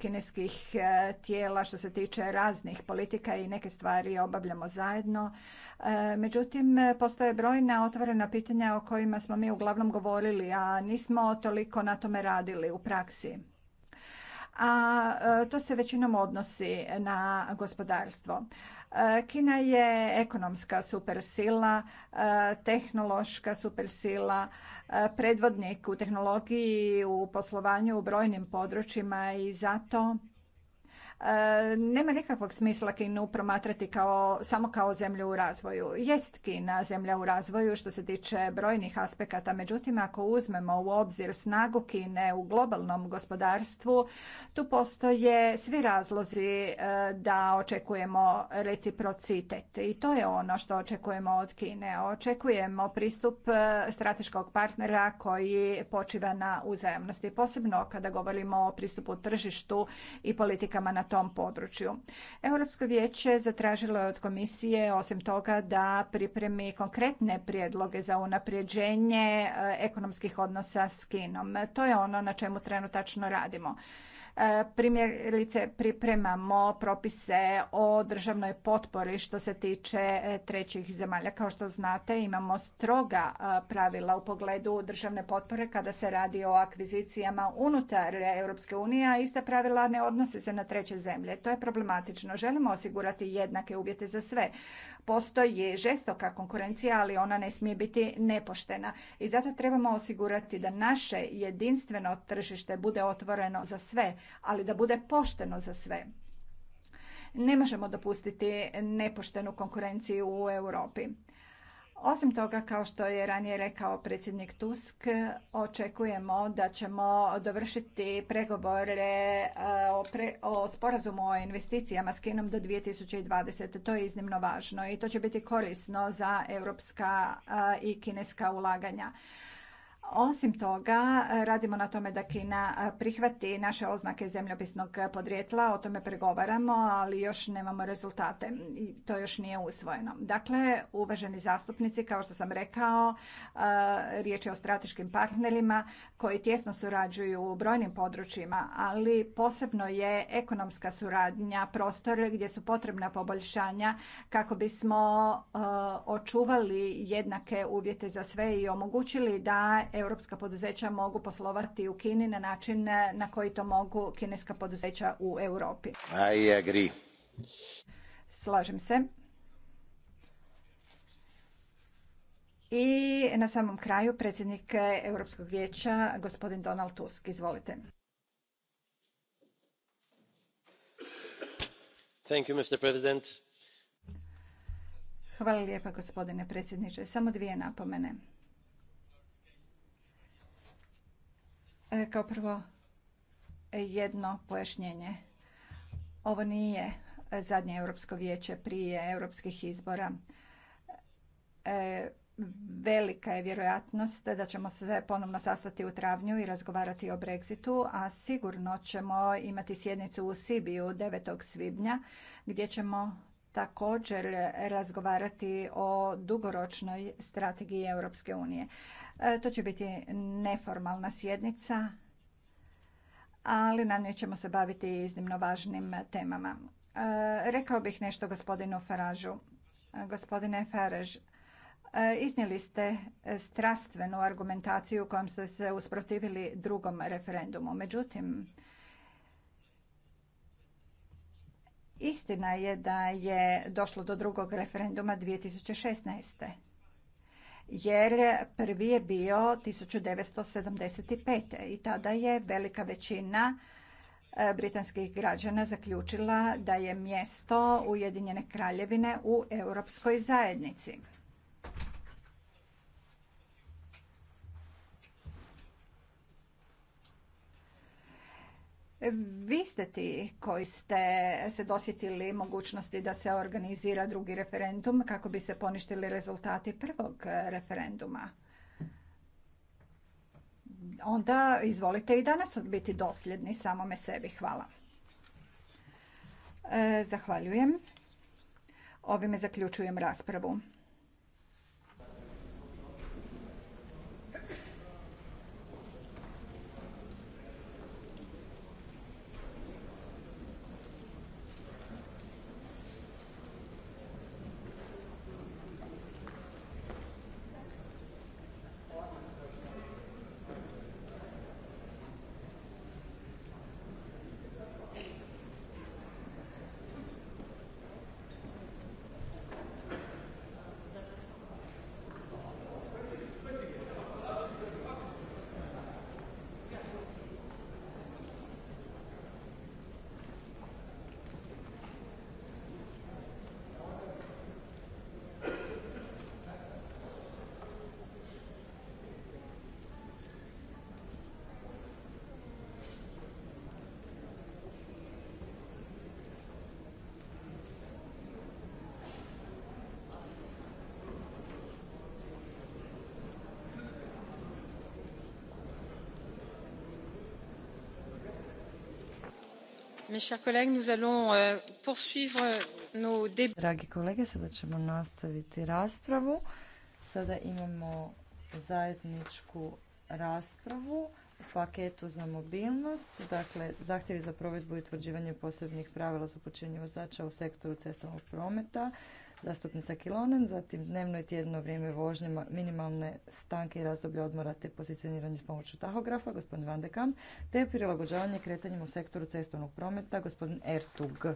kineskih e, tijela što se tiče raznih politika i neke stvari obavljamo zajedno. E, međutim, postoje brojna otvorena pitanja o kojima smo mi uglavnom govorili, a nismo toliko na tome radili u praksi a e, to se većinom odnosi na gospodarstvo. E, Kina je ekonomska supersila, e, tehnološka supersila, predvodnik u tehnologiji, u poslovanju u brojnim područjima i zato E, nema nikakvog smisla Kinu promatrati kao, samo kao zemlju u razvoju. Jest Kina zemlja u razvoju što se tiče brojnih aspekata, međutim ako uzmemo u obzir snagu Kine u globalnom gospodarstvu, tu postoje svi razlozi e, da očekujemo reciprocitet i to je ono što očekujemo od Kine. Očekujemo pristup e, strateškog partnera koji počiva na uzajemnosti. posebno kada govorimo o pristupu tržištu i politikama na tom području. Europsko vijeće zatražilo je od komisije osim toga da pripremi konkretne prijedloge za unapređenje e, ekonomskih odnosa s Kinom. To je ono na čemu trenutačno radimo. Primjerice pripremamo propise o državnoj potpori što se tiče e, trećih zemalja. Kao što znate imamo stroga e, pravila u pogledu državne potpore kada se radi o akvizicijama unutar Europske unije, a ista pravila ne odnose se na treće zemlje. To je problematično. Želimo osigurati jednake uvjete za sve, postoji žestoka konkurencija, ali ona ne smije biti nepoštena. I zato trebamo osigurati da naše jedinstveno tržište bude otvoreno za sve, ali da bude pošteno za sve. Ne možemo dopustiti nepoštenu konkurenciju u Europi. Osim toga, kao što je ranije rekao predsjednik Tusk, očekujemo da ćemo dovršiti pregovore eh, o, sporazumu o investicijama s Kinom do 2020. To je iznimno važno i to će biti korisno za europska eh, i kineska ulaganja. Osim toga, radimo na tome da Kina e, prihvati naše oznake zemljopisnog podrijetla, o tome pregovaramo, ali još nemamo rezultate i to još nije usvojeno. Dakle, uvaženi zastupnici, kao što sam rekao, e, riječ je o strateškim partnerima koji tjesno surađuju u brojnim područjima, ali posebno je ekonomska suradnja, prostor gdje su potrebna poboljšanja kako bismo e, očuvali jednake uvjete za sve i omogućili da europska poduzeća mogu poslovati u Kini na način eh, na koji to mogu kineska poduzeća u Europi. I agree. Slažem se. I na samom kraju predsjednik eh, Europskog vijeća, gospodin Donald Tusk. Izvolite. Thank you, Mr. President. Hvala lijepa, gospodine predsjedniče. Samo dvije napomene. E, kao prvo, jedno pojašnjenje. Ovo nije zadnje Europsko vijeće prije europskih izbora. E, velika je vjerojatnost da ćemo se ponovno sastati u travnju i razgovarati o Brexitu, a sigurno ćemo imati sjednicu u Sibiju 9. svibnja gdje ćemo također razgovarati o dugoročnoj strategiji Europske unije. E, to će biti neformalna sjednica, ali na njoj ćemo se baviti iznimno važnim temama. E, rekao bih nešto gospodinu Faražu. E, gospodine Faraž, iznijeli ste strastvenu argumentaciju kojom ste se usprotivili drugom referendumu. Međutim, Istina je da je došlo do drugog referenduma 2016. Jer prvi je bio 1975. i tada je velika većina e, britanskih građana zaključila da je mjesto Ujedinjene kraljevine u europskoj zajednici. Vi ste ti koji ste se dosjetili mogućnosti da se organizira drugi referendum kako bi se poništili rezultati prvog referenduma. Onda izvolite i danas biti dosljedni samome sebi. Hvala. E, zahvaljujem. Ovime zaključujem raspravu. Euh, Dragi kolege, sada ćemo nastaviti raspravu. Sada imamo zajedničku raspravu u paketu za mobilnost. Dakle, zahtjevi za provedbu i utvrđivanje posebnih pravila za upućenje vozača u sektoru cestovnog prometa, zastupnica Kilonen, zatim dnevno i tjedno vrijeme vožnje, minimalne stanke i razdoblje odmora te pozicioniranje s pomoću tahografa, gospodin Van de Kamp, te prilagođavanje kretanjem u sektoru cestovnog prometa, gospodin Ertug.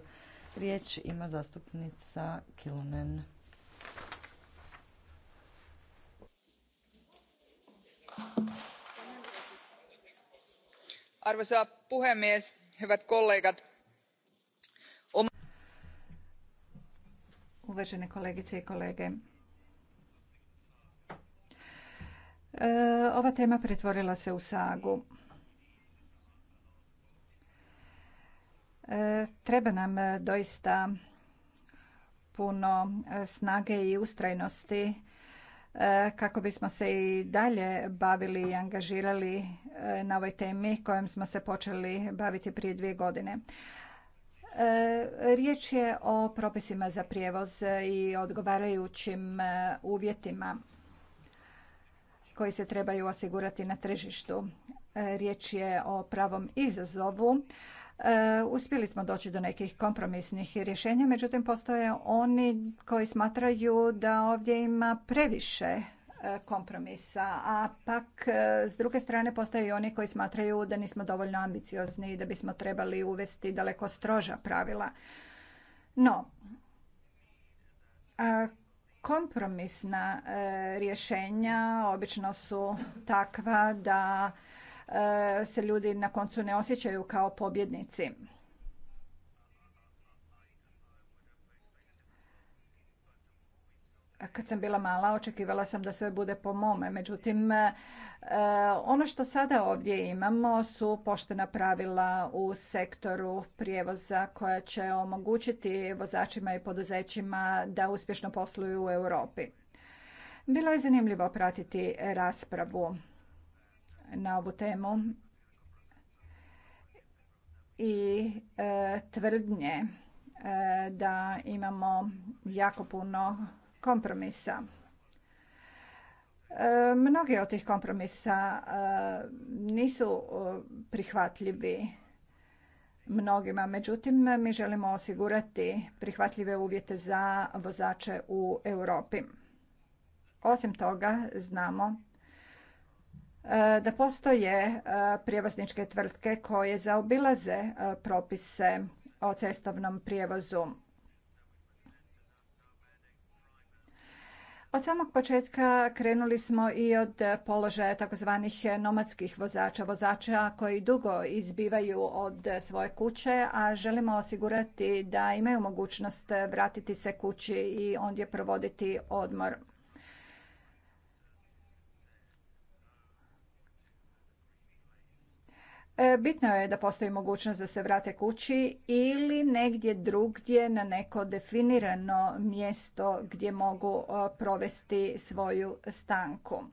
Riječ ima zastupnica Kilonen. Arvoisa puhemies, hyvät kollegat, uvažene kolegice i kolege. E, ova tema pretvorila se u sagu. E, treba nam e, doista puno snage i ustrajnosti kako bismo se i dalje bavili i angažirali na ovoj temi kojom smo se počeli baviti prije dvije godine. E, riječ je o propisima za prijevoz i odgovarajućim e, uvjetima koji se trebaju osigurati na tržištu. E, riječ je o pravom izazovu. Uspjeli smo doći do nekih kompromisnih rješenja, međutim postoje oni koji smatraju da ovdje ima previše E, kompromisa. A pak, e, s druge strane, postoje i oni koji smatraju da nismo dovoljno ambiciozni i da bismo trebali uvesti daleko stroža pravila. No, e, kompromisna rješenja obično su takva da se ljudi na koncu ne osjećaju kao pobjednici. kad sam bila mala očekivala sam da sve bude po mome. Međutim, e, ono što sada ovdje imamo su poštena pravila u sektoru prijevoza koja će omogućiti vozačima i poduzećima da uspješno posluju u Europi. Bilo je zanimljivo pratiti raspravu na ovu temu i e, tvrdnje e, da imamo jako puno kompromisa. E, mnogi od tih kompromisa e, nisu e, prihvatljivi mnogima, međutim mi želimo osigurati prihvatljive uvjete za vozače u Europi. Osim toga znamo da postoje prijevozničke tvrtke koje zaobilaze propise o cestovnom prijevozu Od samog početka krenuli smo i od položaja takozvanih nomadskih vozača, vozača koji dugo izbivaju od svoje kuće, a želimo osigurati da imaju mogućnost vratiti se kući i ondje provoditi odmor. E, bitno je da postoji mogućnost da se vrate kući ili negdje drugdje na neko definirano mjesto gdje mogu e, provesti svoju stanku.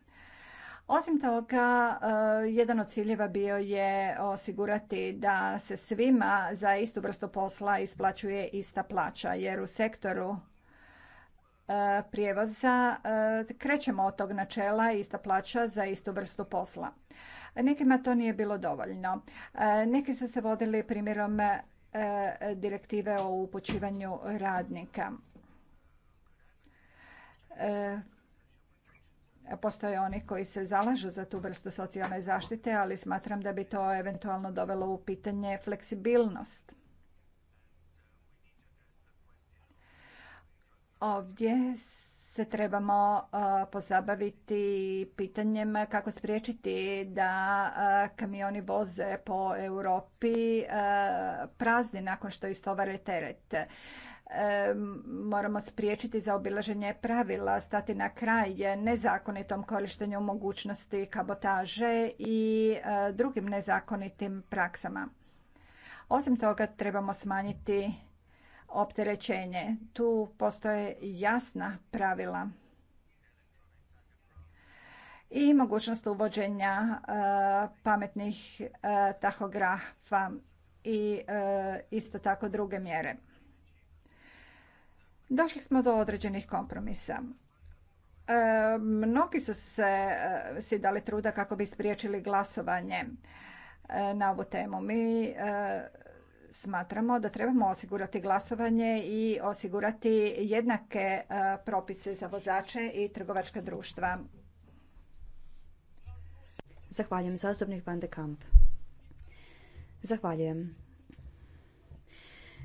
Osim toga, e, jedan od ciljeva bio je osigurati da se svima za istu vrstu posla isplaćuje ista plaća, jer u sektoru E, prijevoza e, krećemo od tog načela ista plaća za istu vrstu posla. Nekima to nije bilo dovoljno. E, neki su se vodili primjerom direktive o upućivanju radnika. Postoje oni koji se zalažu za tu vrstu socijalne zaštite, ali smatram da bi to eventualno dovelo u pitanje fleksibilnost Ovdje se trebamo pozabaviti pitanjem kako spriječiti da kamioni voze po Europi prazni nakon što istovare teret. E, moramo spriječiti za obilaženje pravila, stati na kraj nezakonitom korištenju mogućnosti kabotaže i drugim nezakonitim praksama. Osim toga trebamo smanjiti opterećenje. Tu postoje jasna pravila i mogućnost uvođenja e, pametnih e, tahografa i e, isto tako druge mjere. Došli smo do određenih kompromisa. Mnogi su se si dali truda kako bi spriječili glasovanje na ovu temu. Mi smatramo da trebamo osigurati glasovanje i osigurati jednake e, propise za vozače i trgovačka društva. Zahvaljujem. Zastupnik Van Kamp. Zahvaljujem.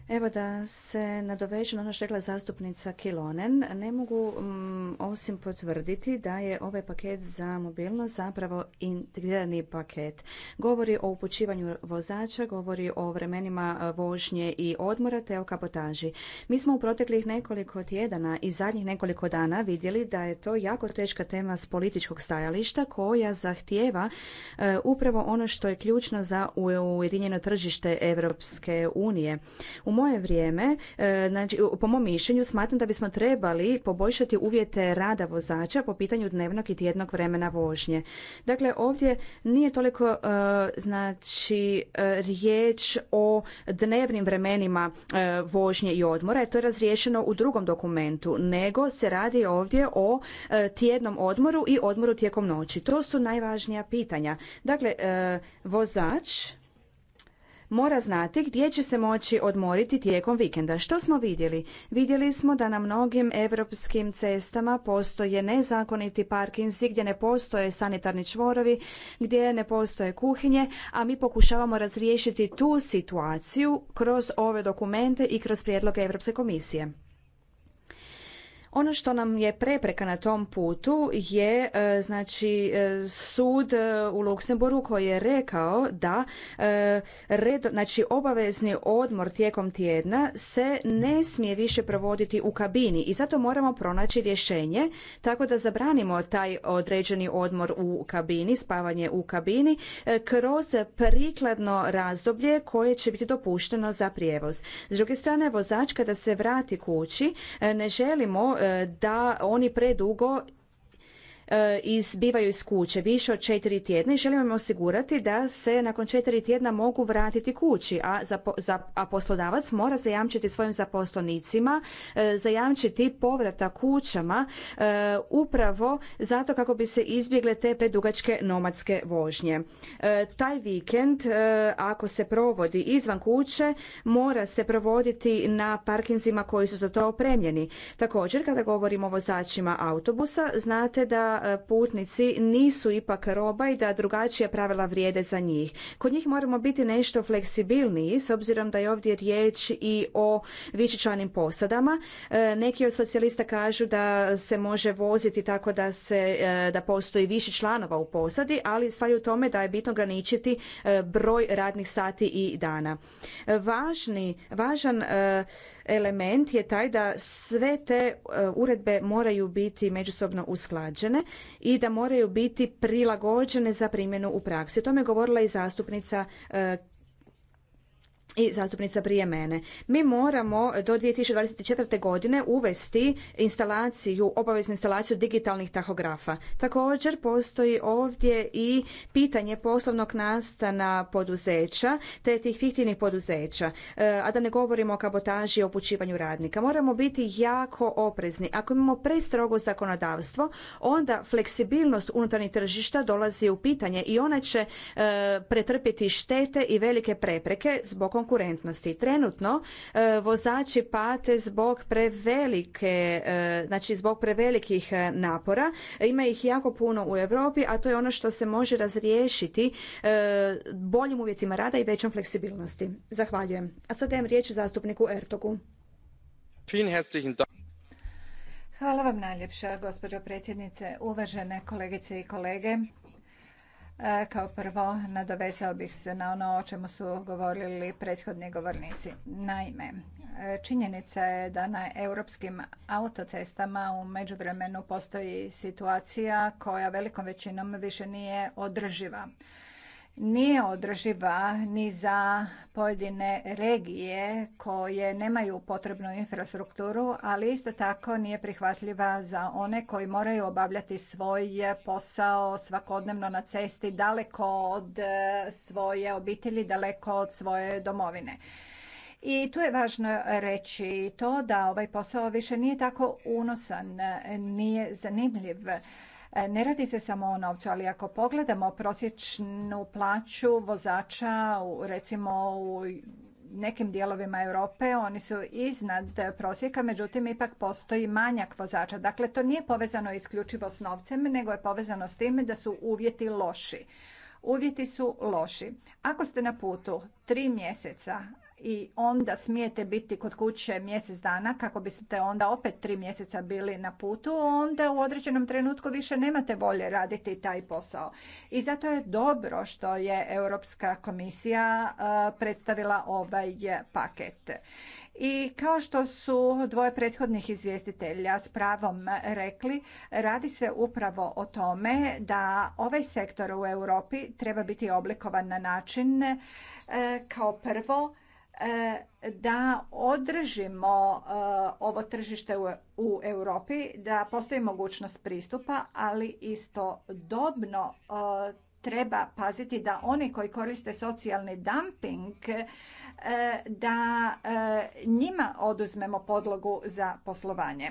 Evo da se nadovežem ono što rekla zastupnica Kilonen. Ne mogu mm, osim potvrditi da je ovaj paket za mobilnost zapravo integrirani paket. Govori o upućivanju vozača, govori o vremenima e, vožnje i odmora te o kapotaži. Mi smo u proteklih nekoliko tjedana i zadnjih nekoliko dana vidjeli da je to jako teška tema s političkog stajališta koja zahtijeva e, upravo ono što je ključno za ujedinjeno tržište Europske unije. U moje vrijeme, e, znači, po mom mišljenju, smatram da bismo trebali poboljšati uvjete rada vozača po pitanju dnevnog i tjednog vremena vožnje. Dakle, ovdje nije toliko e, znači, e, riječ o dnevnim vremenima vožnje i odmora, jer to je razriješeno u drugom dokumentu, nego se radi ovdje o tjednom odmoru i odmoru tijekom noći. To su najvažnija pitanja. Dakle, vozač mora znati gdje će se moći odmoriti tijekom vikenda. Što smo vidjeli? Vidjeli smo da na mnogim europskim cestama postoje nezakoniti parkinzi gdje ne postoje sanitarni čvorovi, gdje ne postoje kuhinje, a mi pokušavamo razriješiti tu situaciju kroz ove dokumente i kroz prijedloge Europske komisije. Ono što nam je prepreka na tom putu je e, znači e, sud e, u Luksemburgu koji je rekao da znači obavezni odmor tijekom tjedna se ne smije više provoditi u kabini i zato moramo pronaći rješenje tako da zabranimo taj određeni odmor u kabini, spavanje u kabini kroz prikladno razdoblje koje će biti dopušteno za prijevoz. S druge strane vozač kada se vrati kući ne želimo da oni predugo E, izbivaju iz kuće više od četiri tjedna i želimo im osigurati da se nakon četiri tjedna mogu vratiti kući, a, poslodavac mora zajamčiti svojim zaposlenicima, e, zajamčiti povrata kućama e, upravo zato kako bi se izbjegle te predugačke nomadske vožnje. Taj vikend, ako se provodi izvan kuće, mora se provoditi na parkinzima koji su za to opremljeni. Također, kada govorimo o vozačima autobusa, znate da E, putnici nisu ipak roba i da drugačija pravila vrijede za njih. Kod njih moramo biti nešto fleksibilniji s obzirom da je ovdje riječ i o višečlanim posadama. E, neki od socijalista kažu da se može voziti tako da se e, da postoji više članova u posadi, ali stvar je u tome da je bitno ograničiti broj radnih sati i dana. Važni, važan element je taj da sve te e, uredbe moraju biti međusobno usklađene i da moraju biti prilagođene za primjenu u praksi. O tome je govorila i zastupnica e, i zastupnica prije mene. Mi moramo do 2024. godine uvesti instalaciju, obaveznu instalaciju digitalnih tahografa. Također postoji ovdje i pitanje poslovnog nastana poduzeća te tih fiktivnih poduzeća. E, a da ne govorimo o kabotaži i opućivanju radnika. Moramo biti jako oprezni. Ako imamo prestrogo zakonodavstvo, onda fleksibilnost unutarnjih tržišta dolazi u pitanje i ona će e, pretrpiti štete i velike prepreke zbog konkurentnosti. Trenutno e, vozači pate zbog prevelike, e, znači zbog prevelikih e, napora. Ima ih jako puno u Europi, a to je ono što se može razriješiti boljim uvjetima rada i većom fleksibilnosti. Zahvaljujem. A sad dajem riječ zastupniku Ertogu. Hvala vam najljepša, gospođo predsjednice, uvažene kolegice i kolege. E, kao prvo, nadovezao bih se na ono o čemu su govorili prethodni govornici. Naime, e, činjenica je da na europskim autocestama u međuvremenu postoji situacija koja velikom većinom više nije održiva nije održiva ni za pojedine regije koje nemaju potrebnu infrastrukturu, ali isto tako nije prihvatljiva za one koji moraju obavljati svoj posao svakodnevno na cesti daleko od e, svoje obitelji, daleko od svoje domovine. I tu je važno reći to da ovaj posao više nije tako unosan, nije zanimljiv E, ne radi se samo o novcu, ali ako pogledamo prosječnu plaću vozača recimo u nekim dijelovima Europe oni su iznad prosjeka, međutim ipak postoji manjak vozača. Dakle, to nije povezano isključivo s novcem, nego je povezano s time da su uvjeti loši. Uvjeti su loši. Ako ste na putu tri mjeseca, i onda smijete biti kod kuće mjesec dana kako biste onda opet tri mjeseca bili na putu, onda u određenom trenutku više nemate volje raditi taj posao. I zato je dobro što je Europska komisija e, predstavila ovaj paket. I kao što su dvoje prethodnih izvjestitelja s pravom rekli, radi se upravo o tome da ovaj sektor u Europi treba biti oblikovan na način e, kao prvo E, da održimo e, ovo tržište u Europi, da postoji mogućnost pristupa, ali istodobno e, treba paziti da oni koji koriste socijalni dumping da njima oduzmemo podlogu za poslovanje.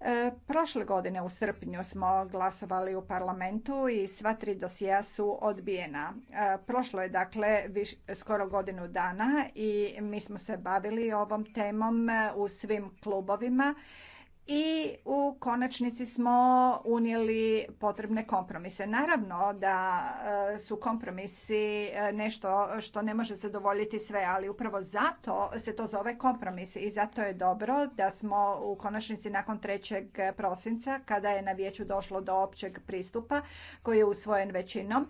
E, prošle godine u srpnju smo glasovali u parlamentu i sva tri dosija su odbijena. E, prošlo je dakle viš, skoro godinu dana i mi smo se bavili ovom temom u svim klubovima i u konačnici smo unijeli potrebne kompromise. Naravno da e, su kompromisi e, nešto što ne može zadovoljiti sve, ali upravo zato se to zove kompromis i zato je dobro da smo u konačnici nakon 3. prosinca, kada je na vijeću došlo do općeg pristupa koji je usvojen većinom,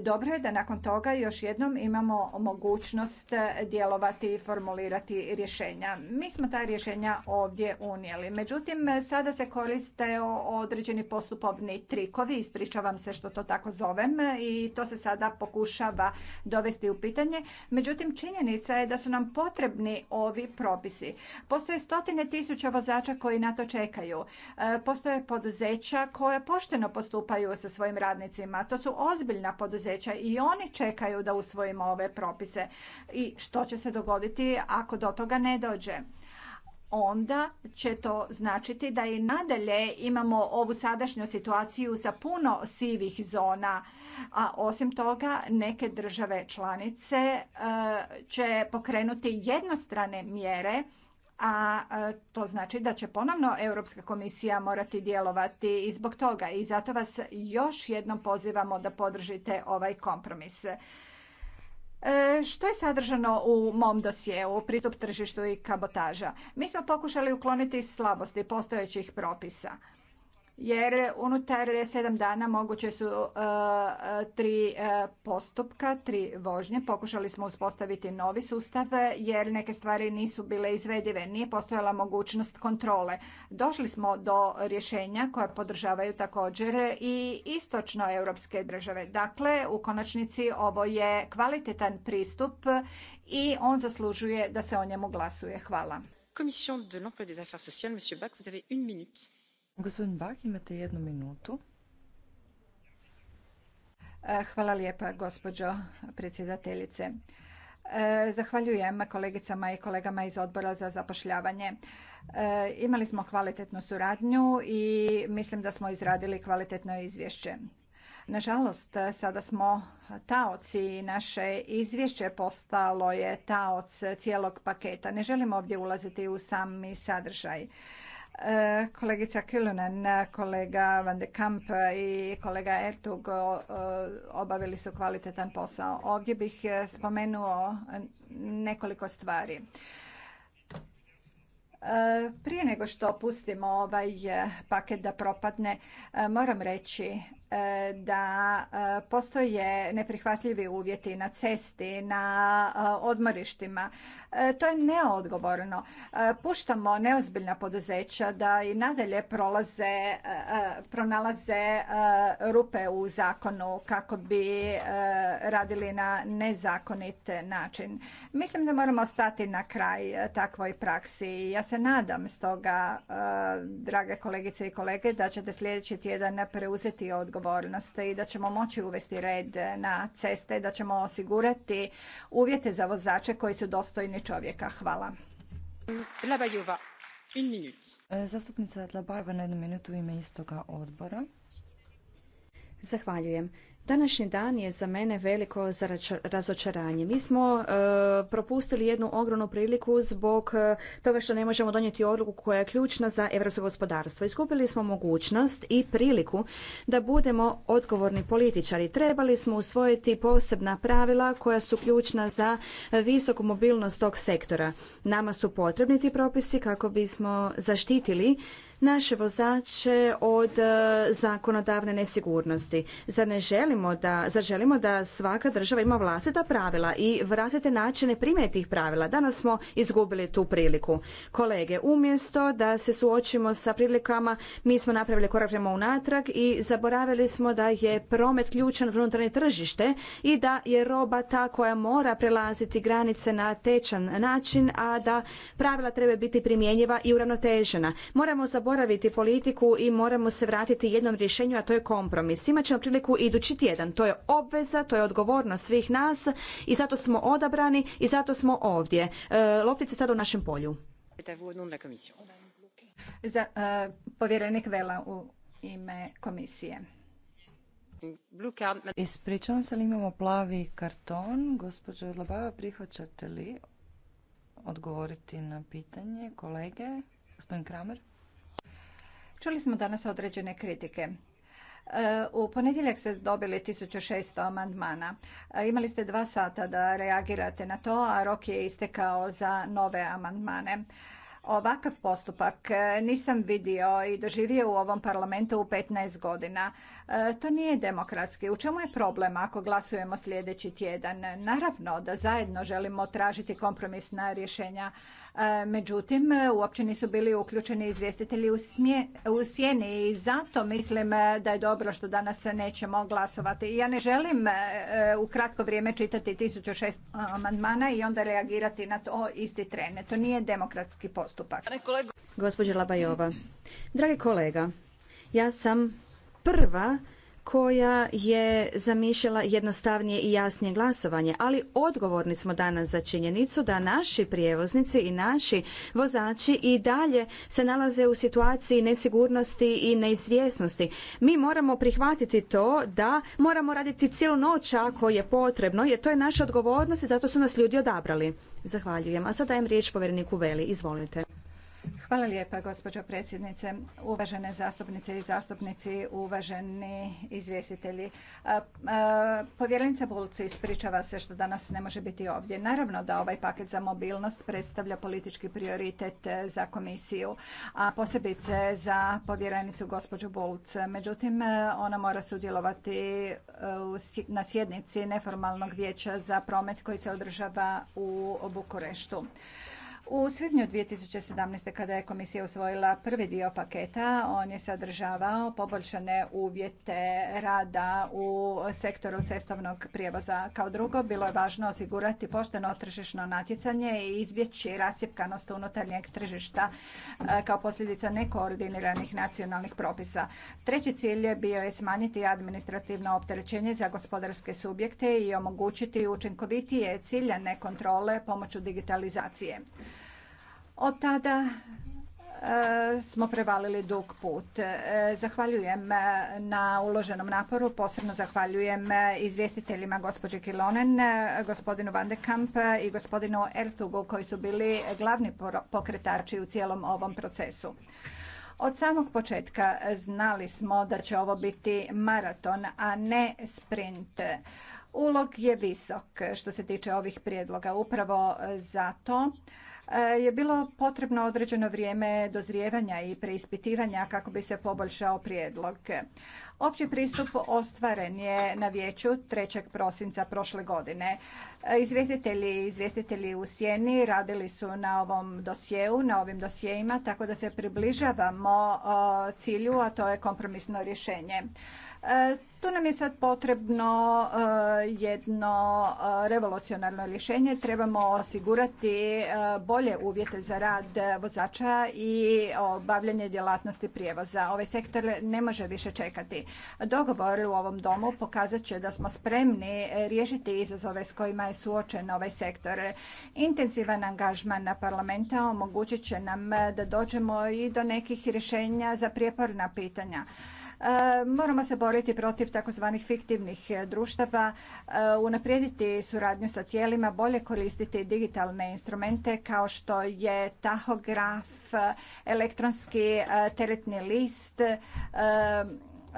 dobro je da nakon toga još jednom imamo mogućnost djelovati i formulirati rješenja. Mi smo ta rješenja ovdje unijeli. Međutim, Međutim, sada se koriste određeni postupovni trikovi, ispričavam se što to tako zovem i to se sada pokušava dovesti u pitanje. Međutim, činjenica je da su nam potrebni ovi propisi. Postoje stotine tisuća vozača koji na to čekaju. E, postoje poduzeća koja pošteno postupaju sa svojim radnicima. To su ozbiljna poduzeća i oni čekaju da usvojimo ove propise. I što će se dogoditi ako do toga ne dođe? onda će to značiti da i nadalje imamo ovu sadašnju situaciju sa puno sivih zona, a osim toga neke države članice e, će pokrenuti jednostrane mjere, a e, to znači da će ponovno Europska komisija morati djelovati i zbog toga i zato vas još jednom pozivamo da podržite ovaj kompromis. E, što je sadržano u mom dosjeu, pristup tržištu i kabotaža? Mi smo pokušali ukloniti slabosti postojećih propisa jer unutar sedam dana moguće su e, tri e, postupka, tri vožnje. Pokušali smo uspostaviti novi sustav jer neke stvari nisu bile izvedive, nije postojala mogućnost kontrole. Došli smo do rješenja koja podržavaju također i istočno europske države. Dakle, u konačnici ovo je kvalitetan pristup i on zaslužuje da se o njemu glasuje. Hvala. Commission de l'emploi des affaires sociales, monsieur vous Gospodin Bak, imate jednu minutu. E, hvala lijepa, gospođo predsjedateljice. E, zahvaljujem kolegicama i kolegama iz odbora za zapošljavanje. E, imali smo kvalitetnu suradnju i mislim da smo izradili kvalitetno izvješće. Nažalost, sada smo taoci i naše izvješće postalo je taoc cijelog paketa. Ne želimo ovdje ulaziti u sami sadržaj. E, kolegica Kilunen, kolega Van de Kamp i kolega Ertug obavili su kvalitetan posao. Ovdje bih e, spomenuo nekoliko stvari. E, prije nego što pustimo ovaj paket da propadne, moram reći da e, postoje neprihvatljivi uvjeti na cesti, na e, odmorištima. E, to je neodgovorno. Puštamo neozbiljna poduzeća da i nadalje prolaze, pronalaze rupe u zakonu kako bi radili na nezakonit način. Mislim da moramo stati na kraj takvoj praksi. Ja se nadam stoga, drage kolegice i kolege, da ćete sljedeći tjedan preuzeti odgovor odgovornosti i da ćemo moći uvesti red na ceste, da ćemo osigurati uvjete za vozače koji su dostojni čovjeka. Hvala. E, zastupnica Dlabajeva na jednu minutu u ime istoga odbora. Zahvaljujem. Današnji dan je za mene veliko razočaranje. Mi smo e, propustili jednu ogromnu priliku zbog e, toga što ne možemo donijeti odluku koja je ključna za europsko gospodarstvo. Iskupili smo mogućnost i priliku da budemo odgovorni političari. Trebali smo usvojiti posebna pravila koja su ključna za visoku mobilnost tog sektora. Nama su potrebni ti propisi kako bismo zaštitili naše vozače od e, zakonodavne nesigurnosti. Zar ne želimo da, zar želimo da svaka država ima vlastita pravila i vlastite načine primjene tih pravila? Danas smo izgubili tu priliku. Kolege, umjesto da se suočimo sa prilikama, mi smo napravili korak prema unatrag i zaboravili smo da je promet ključan za unutarnje tržište i da je roba ta koja mora prelaziti granice na tečan način, a da pravila treba biti primjenjiva i uravnotežena. Moramo zaboraviti zaboraviti politiku i moramo se vratiti jednom rješenju, a to je kompromis. Imat ćemo priliku idući tjedan. To je obveza, to je odgovornost svih nas i zato smo odabrani i zato smo ovdje. E, loptice sad u našem polju. Za, e, povjerenik Vela u ime komisije. Ispričavam se, li imamo plavi karton. Gospođo odlabava prihvaćate li odgovoriti na pitanje kolege? Gospodin Kramer. Čuli smo danas određene kritike. E, u ponedjeljak ste dobili 1600 amandmana. E, imali ste dva sata da reagirate na to, a rok je istekao za nove amandmane. Ovakav postupak e, nisam vidio i doživio u ovom parlamentu u 15 godina. To nije demokratski. U čemu je problem ako glasujemo sljedeći tjedan? Naravno da zajedno želimo tražiti kompromisna rješenja E, međutim, uopće nisu bili uključeni izvjestitelji u sjeni i zato mislim e, da je dobro što danas nećemo glasovati. Ja ne želim e, u kratko vrijeme čitati 1600 amandmana i onda reagirati na to isti tren. To nije demokratski postupak. Gospođa Labajova, dragi kolega, ja sam prva koja je zamišljala jednostavnije i jasnije glasovanje, ali odgovorni smo danas za činjenicu da naši prijevoznici i naši vozači i dalje se nalaze u situaciji nesigurnosti i neizvjesnosti. Mi moramo prihvatiti to da moramo raditi cijelu noć ako je potrebno, jer to je naša odgovornost i zato su nas ljudi odabrali. Zahvaljujem. A sada dajem riječ povjereniku Veli. Izvolite. Hvala lijepa, gospođo predsjednice, uvažene zastupnice i zastupnici, uvaženi izvjestitelji. Povjerenica Bulc ispričava se što danas ne može biti ovdje. Naravno da ovaj paket za mobilnost predstavlja politički prioritet e, za komisiju, a posebice za povjerenicu gospođu Bulc. Međutim, e, ona mora sudjelovati e, na sjednici neformalnog vijeća za promet koji se održava u Bukureštu. U svibnju 2017. kada je komisija usvojila prvi dio paketa, on je sadržavao poboljšane uvjete rada u sektoru cestovnog prijevoza. Kao drugo, bilo je važno osigurati pošteno tržišno natjecanje i izbjeći rasjepkanost unutarnjeg tržišta e, kao posljedica nekoordiniranih nacionalnih propisa. Treći cilj je bio je smanjiti administrativno opterećenje za gospodarske subjekte i omogućiti učinkovitije ciljane kontrole pomoću digitalizacije. Od tada e, smo prevalili dug put. E, zahvaljujem e, na uloženom naporu, posebno zahvaljujem izvjestiteljima gospođe Kilonen, gospodinu Van de Kamp i gospodinu Ertugu koji su bili glavni pokretači u cijelom ovom procesu. Od samog početka znali smo da će ovo biti maraton, a ne sprint. Ulog je visok što se tiče ovih prijedloga. Upravo zato je bilo potrebno određeno vrijeme dozrijevanja i preispitivanja kako bi se poboljšao prijedlog. Opći pristup ostvaren je na vijeću 3. prosinca prošle godine. Izvjestitelji i izvjestitelji u Sjeni radili su na ovom dosjeu, na ovim dosjeima, tako da se približavamo cilju, a to je kompromisno rješenje. E, tu nam je sad potrebno e, jedno e, revolucionarno rješenje. Trebamo osigurati bolje uvjete za rad vozača i obavljanje djelatnosti prijevoza. Ovaj sektor ne može više čekati. Dogovor u ovom domu pokazat će da smo spremni riješiti izazove s kojima je suočen ovaj sektor. Intenzivan angažman na parlamenta omogućit će nam da dođemo i do nekih rješenja za prijeporna pitanja. E, moramo se boriti protiv takozvanih fiktivnih e, društava, e, unaprijediti suradnju sa tijelima, bolje koristiti digitalne instrumente kao što je tahograf, elektronski teretni list,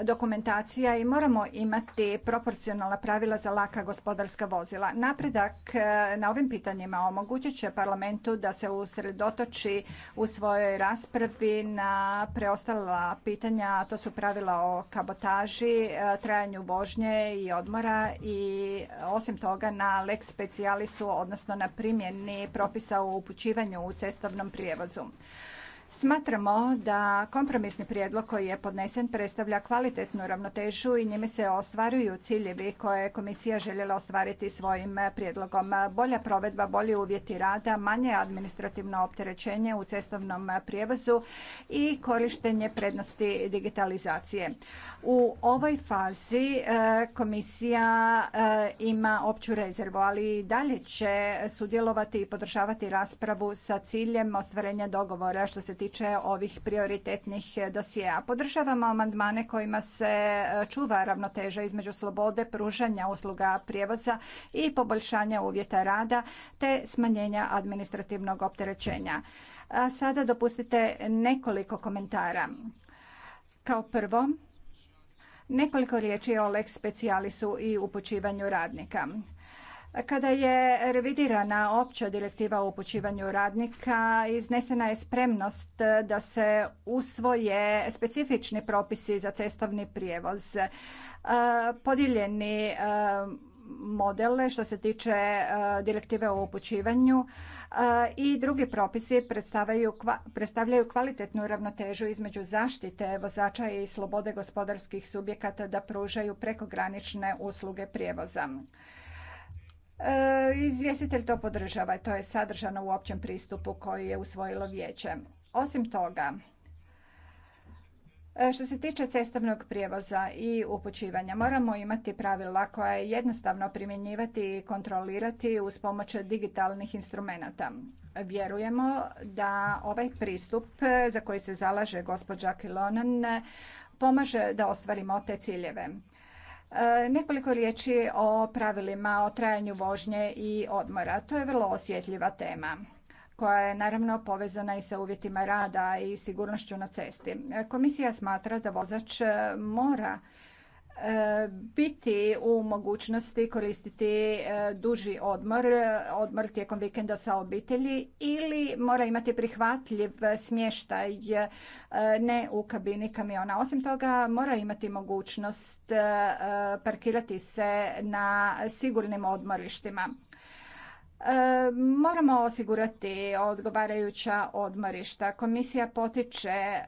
dokumentacija i moramo imati proporcionalna pravila za laka gospodarska vozila. Napredak e, na ovim pitanjima omogućit će parlamentu da se usredotoči u svojoj raspravi na preostala pitanja, a to su pravila o kabotaži, e, trajanju vožnje i odmora i e, osim toga na lex specialisu, odnosno na primjeni propisa o upućivanju u cestovnom prijevozu. Smatramo da kompromisni prijedlog koji je podnesen predstavlja kvalitetnu ravnotežu i njime se ostvaruju ciljevi koje je komisija željela ostvariti svojim prijedlogom. Bolja provedba, bolji uvjeti rada, manje administrativno opterećenje u cestovnom prijevozu i korištenje prednosti digitalizacije. U ovoj fazi e, komisija e, ima opću rezervu, ali i dalje će sudjelovati i podržavati raspravu sa ciljem ostvarenja dogovora što se tiče tiče ovih prioritetnih dosjea. Podržavamo amandmane kojima se e, čuva ravnoteža između slobode, pružanja usluga prijevoza i poboljšanja uvjeta rada te smanjenja administrativnog opterećenja. sada dopustite nekoliko komentara. Kao prvo, nekoliko riječi o lex specialisu i upućivanju radnika. Kada je revidirana opća direktiva o upućivanju radnika, iznesena je spremnost da se usvoje specifični propisi za cestovni prijevoz. E, podijeljeni e, modele što se tiče e, direktive o upućivanju i drugi propisi predstavljaju kvalitetnu ravnotežu između zaštite vozača i slobode gospodarskih subjekata da pružaju prekogranične usluge prijevoza. E, izvjestitelj to podržava i to je sadržano u općem pristupu koji je usvojilo vijeće. Osim toga, e, što se tiče cestovnog prijevoza i upućivanja, moramo imati pravila koja je jednostavno primjenjivati i kontrolirati uz pomoć digitalnih instrumenata. Vjerujemo da ovaj pristup e, za koji se zalaže gospođa Kilonen pomaže da ostvarimo te ciljeve. E, nekoliko riječi o pravilima o trajanju vožnje i odmora. To je vrlo osjetljiva tema koja je naravno povezana i sa uvjetima rada i sigurnošću na cesti. E, komisija smatra da vozač mora biti u mogućnosti koristiti e, duži odmor, odmor tijekom vikenda sa obitelji ili mora imati prihvatljiv smještaj e, ne u kabini kamiona. Osim toga mora imati mogućnost e, parkirati se na sigurnim odmorištima. Moramo osigurati odgovarajuća odmorišta. Komisija potiče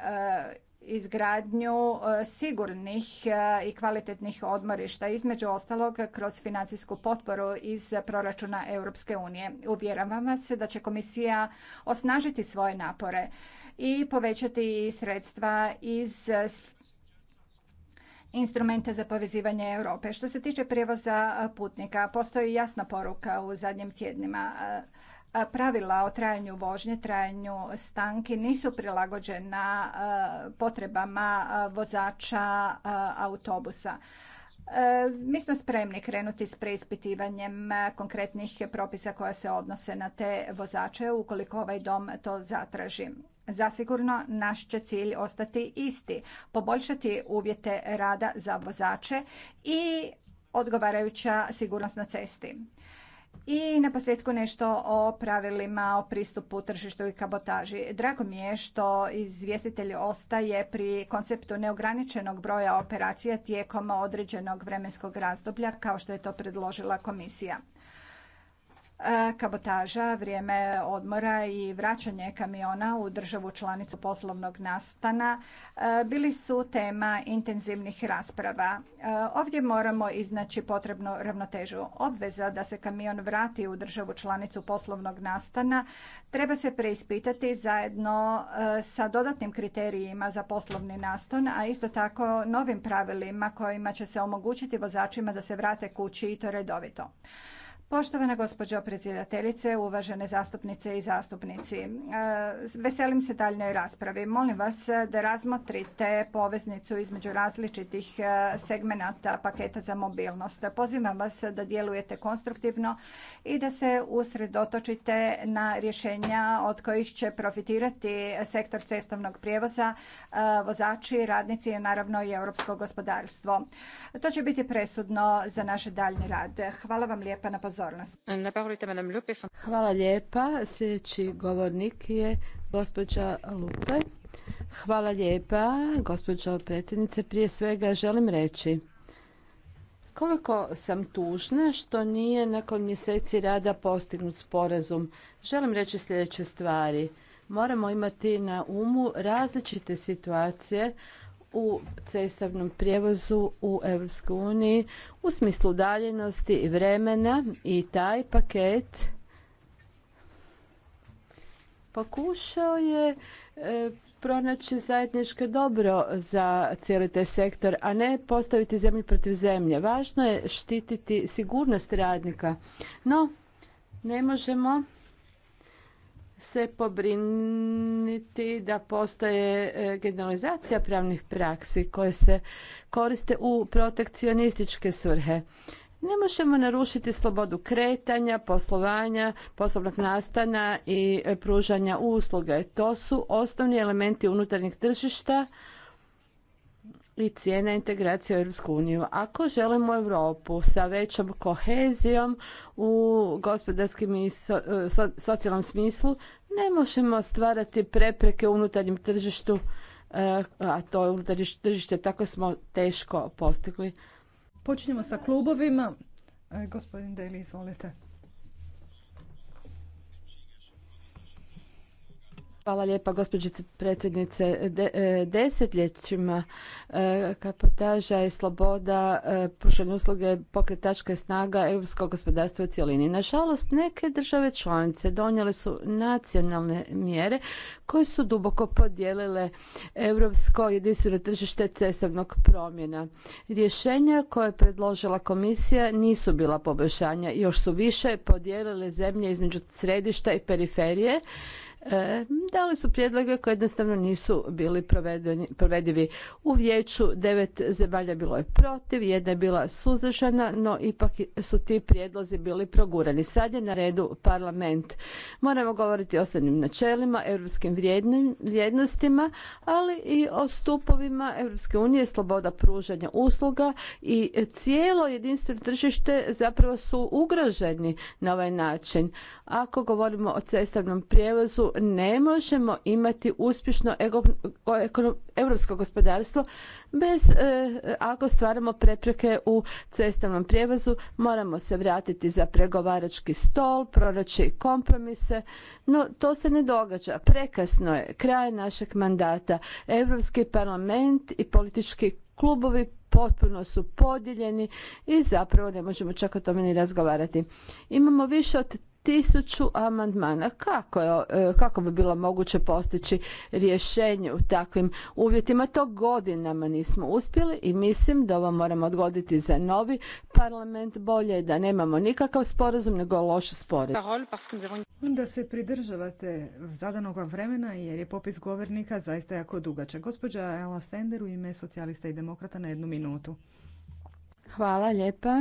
izgradnju e, sigurnih e, i kvalitetnih odmorišta, između ostalog kroz financijsku potporu iz proračuna Europske unije. Uvjeravam vas da će komisija osnažiti svoje napore i povećati sredstva iz instrumente za povezivanje Europe. Što se tiče prijevoza putnika, postoji jasna poruka u zadnjim tjednima pravila o trajanju vožnje, trajanju stanki nisu prilagođena potrebama vozača autobusa. E, mi smo spremni krenuti s preispitivanjem konkretnih propisa koja se odnose na te vozače ukoliko ovaj dom to zatraži. Zasigurno naš će cilj ostati isti, poboljšati uvjete rada za vozače i odgovarajuća sigurnost na cesti. I na posljedku nešto o pravilima o pristupu tržištu i kabotaži. Drago mi je što izvjestitelj ostaje pri konceptu neograničenog broja operacija tijekom određenog vremenskog razdoblja kao što je to predložila komisija. E, kabotaža, vrijeme odmora i vraćanje kamiona u državu članicu poslovnog nastana e, bili su tema intenzivnih rasprava. E, ovdje moramo iznaći potrebnu ravnotežu. Obveza da se kamion vrati u državu članicu poslovnog nastana treba se preispitati zajedno sa dodatnim kriterijima za poslovni nastan, a isto tako novim pravilima kojima će se omogućiti vozačima da se vrate kući i to redovito. Poštovana gospođo predsjedateljice, uvažene zastupnice i zastupnici, e, veselim se daljnoj raspravi. Molim vas da razmotrite poveznicu između različitih e, segmenata paketa za mobilnost. Pozivam vas da djelujete konstruktivno i da se usredotočite na rješenja od kojih će profitirati sektor cestovnog prijevoza, e, vozači, radnici i naravno i europsko gospodarstvo. To će biti presudno za naš daljnji rad. Hvala vam lijepa na pozornosti pozornost. Hvala lijepa. Sljedeći govornik je gospođa Lupe. Hvala lijepa, gospođo predsjednice. Prije svega želim reći koliko sam tužna što nije nakon mjeseci rada postignut sporazum. Želim reći sljedeće stvari. Moramo imati na umu različite situacije u cestovnom prijevozu u EU u smislu daljenosti i vremena i taj paket pokušao je e, pronaći zajedničko dobro za cijeli taj sektor, a ne postaviti zemlju protiv zemlje. Važno je štititi sigurnost radnika. No, ne možemo se pobriniti da postoje e, generalizacija pravnih praksi koje se koriste u protekcionističke svrhe. Ne možemo narušiti slobodu kretanja, poslovanja, poslovnog nastana i pružanja usluge. To su osnovni elementi unutarnjeg tržišta i cijena integracije u Europsku uniju. Ako želimo Europu sa većom kohezijom u gospodarskim i e, socijalnom smislu, ne možemo stvarati prepreke unutarnjem tržištu, e, a to je unutarnje tržište tako smo teško postigli. Počinjemo sa klubovima. E, gospodin Deli, izvolite. Hvala lijepa gospođice predsjednice. E, desetljećima e, kapotaža i sloboda e, pružanja usluge pokretačka snaga europskog gospodarstva u cjelini. Nažalost, neke države članice donijele su nacionalne mjere koje su duboko podijelile europsko jedinstveno tržište cestovnog promjena. Rješenja koje je predložila komisija nisu bila poboljšanja, još su više podijelile zemlje između središta i periferije E, dali su prijedloge koji jednostavno nisu bili provedivi. U vijeću devet zemalja bilo je protiv, jedna je bila suzdržana, no ipak su ti prijedlozi bili progurani. Sad je na redu parlament. Moramo govoriti o osnovnim načelima, europskim vrijednostima, ali i o stupovima Europske unije, sloboda pružanja usluga i cijelo jedinstveno tržište zapravo su ugroženi na ovaj način. Ako govorimo o cestovnom prijevozu, ne možemo imati uspješno europsko gospodarstvo bez e, ako stvaramo prepreke u cestovnom prijevozu moramo se vratiti za pregovarački stol pronaći kompromise no to se ne događa prekasno je kraj našeg mandata europski parlament i politički klubovi potpuno su podijeljeni i zapravo ne možemo čak o tome ni razgovarati. Imamo više od tisuću amandmana. Kako, je, e, kako bi bilo moguće postići rješenje u takvim uvjetima? To godinama nismo uspjeli i mislim da ovo moramo odgoditi za novi parlament. Bolje je da nemamo nikakav sporazum nego loš sporazum. Da se pridržavate zadanog vremena jer je popis govornika zaista jako dugačak. Gospođa Ela Stender u ime socijalista i demokrata na jednu minutu. Hvala lijepa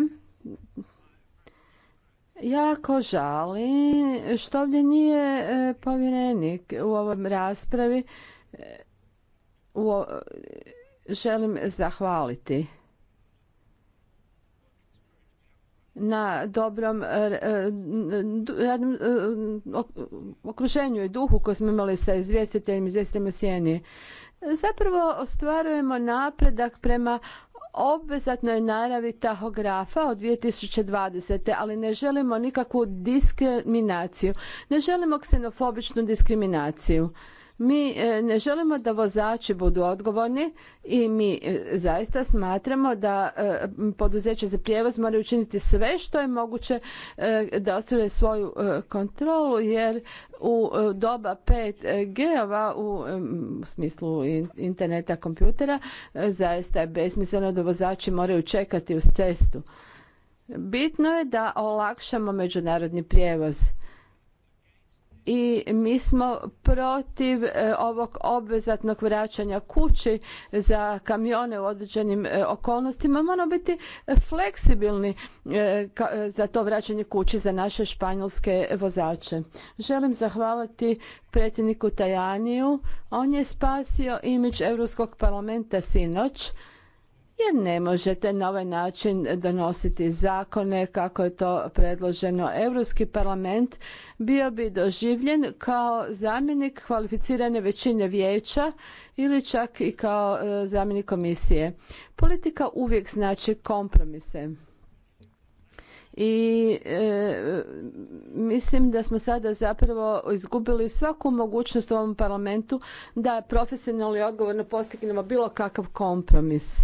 Jako žali što ovdje nije e, povjerenik u ovom raspravi. E, u, želim zahvaliti na dobrom e, radnom okruženju i duhu koji smo imali sa izvjestiteljima i izvjestiteljima sjeni. Zapravo ostvarujemo napredak prema obvezatno je naravi tahografa od 2020. ali ne želimo nikakvu diskriminaciju. Ne želimo ksenofobičnu diskriminaciju. Mi e, ne želimo da vozači budu odgovorni i mi e, zaista smatramo da e, poduzeće za prijevoz mora učiniti sve što je moguće da ostvare svoju kontrolu jer u doba 5 g u smislu interneta kompjutera zaista je besmisleno da vozači moraju čekati uz cestu. Bitno je da olakšamo međunarodni prijevoz i mi smo protiv e, ovog obvezatnog vraćanja kući za kamione u određenim e, okolnostima. Moramo biti fleksibilni e, za to vraćanje kući za naše španjolske vozače. Želim zahvaliti predsjedniku Tajaniju. On je spasio imidž Europskog parlamenta sinoć jer ne možete na ovaj način donositi zakone kako je to predloženo. Europski parlament bio bi doživljen kao zamjenik kvalificirane većine vijeća ili čak i kao e, zamjenik komisije. Politika uvijek znači kompromise i e, mislim da smo sada zapravo izgubili svaku mogućnost u ovom parlamentu da profesionalno i odgovorno postignemo bilo kakav kompromis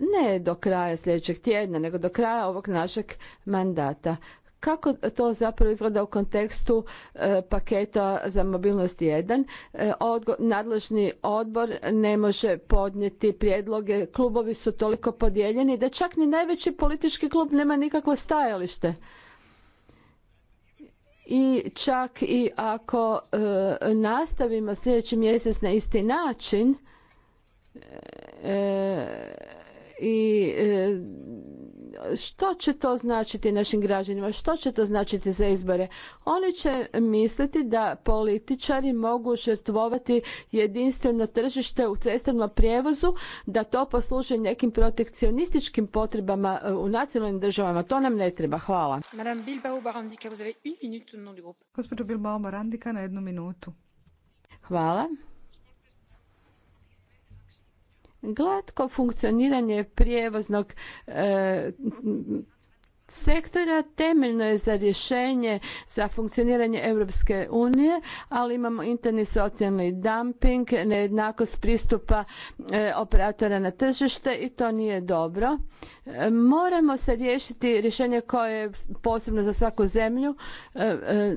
ne do kraja sljedećeg tjedna, nego do kraja ovog našeg mandata. Kako to zapravo izgleda u kontekstu e, paketa za mobilnost 1? E, nadležni odbor ne može podnijeti prijedloge, klubovi su toliko podijeljeni da čak ni najveći politički klub nema nikakvo stajalište i čak i ako e, nastavimo sljedeći mjesec na isti način e, i e, što će to značiti našim građanima, što će to značiti za izbore? Oni će misliti da političari mogu žrtvovati jedinstveno tržište u cestovnom prijevozu, da to posluže nekim protekcionističkim potrebama e, u nacionalnim državama. To nam ne treba. Hvala. Gospođo Bilbao Barandika, na jednu minutu. Hvala. Glatko funkcioniranje prijevoznog e, sektora temeljno je za rješenje za funkcioniranje Europske unije, ali imamo interni socijalni dumping, nejednakost pristupa e, operatora na tržište i to nije dobro. E, moramo se riješiti rješenje koje je posebno za svaku zemlju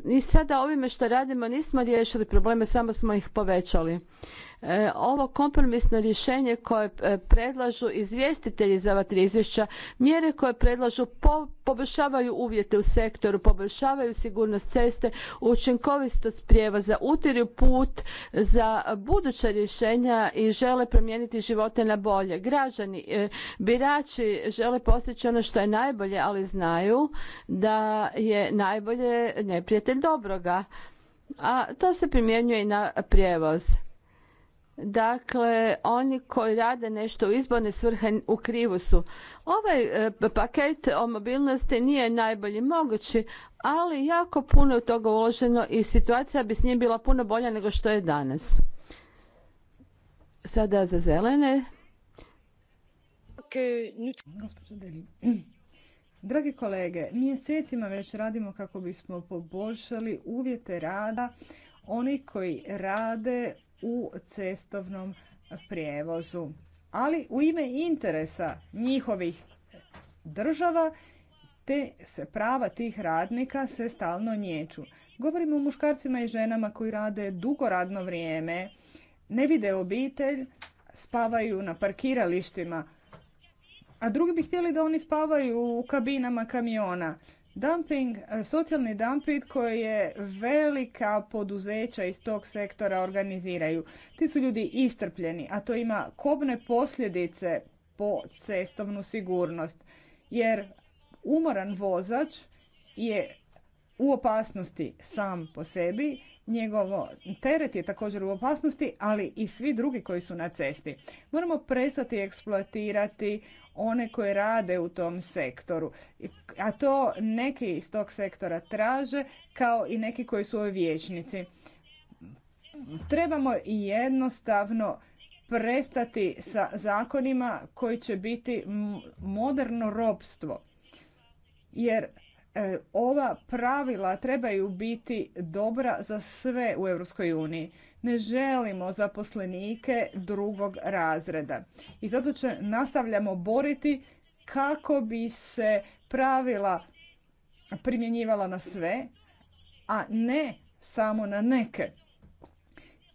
i sada ovime što radimo nismo riješili probleme, samo smo ih povećali. E, ovo kompromisno rješenje koje e, predlažu izvjestitelji za ova tri izvješća, mjere koje predlažu poboljšavaju uvjete u sektoru, poboljšavaju sigurnost ceste, učinkovitost prijevoza, utiru put za buduća rješenja i žele promijeniti živote na bolje. Građani, e, birači žele postići ono što je najbolje, ali znaju da je najbolje neprijatelj dobroga. A to se primjenjuje i na prijevoz. Dakle, oni koji rade nešto u izborne svrhe u krivu su. Ovaj e, paket o mobilnosti nije najbolji mogući, ali jako puno je toga uloženo i situacija bi s njim bila puno bolja nego što je danas. Sada za zelene. Dragi kolege, mjesecima već radimo kako bismo poboljšali uvjete rada onih koji rade u cestovnom prijevozu. Ali u ime interesa njihovih država te se prava tih radnika se stalno nječu. Govorimo o muškarcima i ženama koji rade dugo radno vrijeme, ne vide obitelj, spavaju na parkiralištima, a drugi bi htjeli da oni spavaju u kabinama kamiona. Dumping, e, socijalni dumping koji je velika poduzeća iz tog sektora organiziraju. Ti su ljudi istrpljeni, a to ima kobne posljedice po cestovnu sigurnost. Jer umoran vozač je u opasnosti sam po sebi, njegovo teret je također u opasnosti, ali i svi drugi koji su na cesti. Moramo prestati eksploatirati one koje rade u tom sektoru. A to neki iz tog sektora traže kao i neki koji su ovi vječnici. Trebamo i jednostavno prestati sa zakonima koji će biti moderno robstvo. Jer e, ova pravila trebaju biti dobra za sve u Europskoj uniji. Ne želimo zaposlenike drugog razreda. I zato će nastavljamo boriti kako bi se pravila primjenjivala na sve, a ne samo na neke.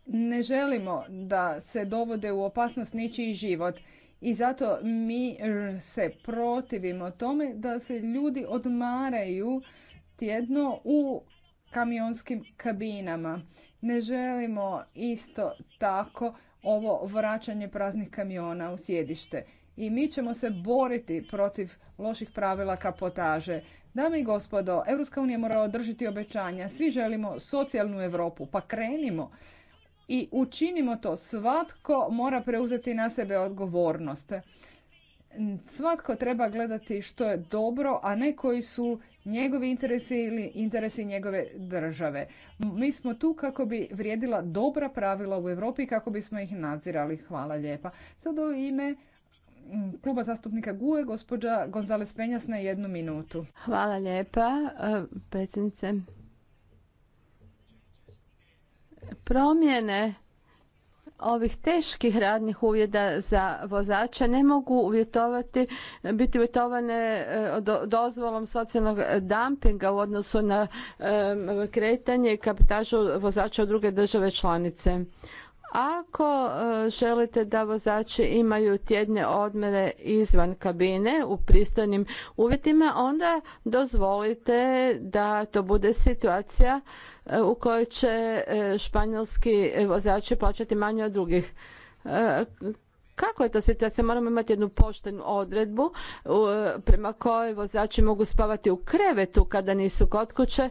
Ne želimo da se dovode u opasnost ničiji život i zato mi se protivimo tome da se ljudi odmaraju tjedno u kamionskim kabinama ne želimo isto tako ovo vraćanje praznih kamiona u sjedište. I mi ćemo se boriti protiv loših pravila kapotaže. Dame i gospodo, Europska unija mora održiti obećanja. Svi želimo socijalnu Europu, pa krenimo i učinimo to. Svatko mora preuzeti na sebe odgovornost. Svatko treba gledati što je dobro, a ne koji su njegovi interesi ili interesi njegove države. Mi smo tu kako bi vrijedila dobra pravila u Europi i kako bismo ih nadzirali. Hvala lijepa. Sad u ime kluba zastupnika GUE, gospođa Gonzales Penjas na jednu minutu. Hvala lijepa, e, predsjednice. Promjene ovih teških radnih uvjeta za vozače ne mogu uvjetovati, biti uvjetovane e, dozvolom socijalnog dumpinga u odnosu na kretanje i kapitažu vozača u druge države članice. Ako e, želite da vozači imaju tjedne odmere izvan kabine u pristojnim uvjetima, onda dozvolite da to bude situacija E, u kojoj će e, španjolski vozači plaćati manje od drugih. E, kako je to situacija? Moramo imati jednu poštenu odredbu prema kojoj vozači mogu spavati u krevetu kada nisu kod kuće,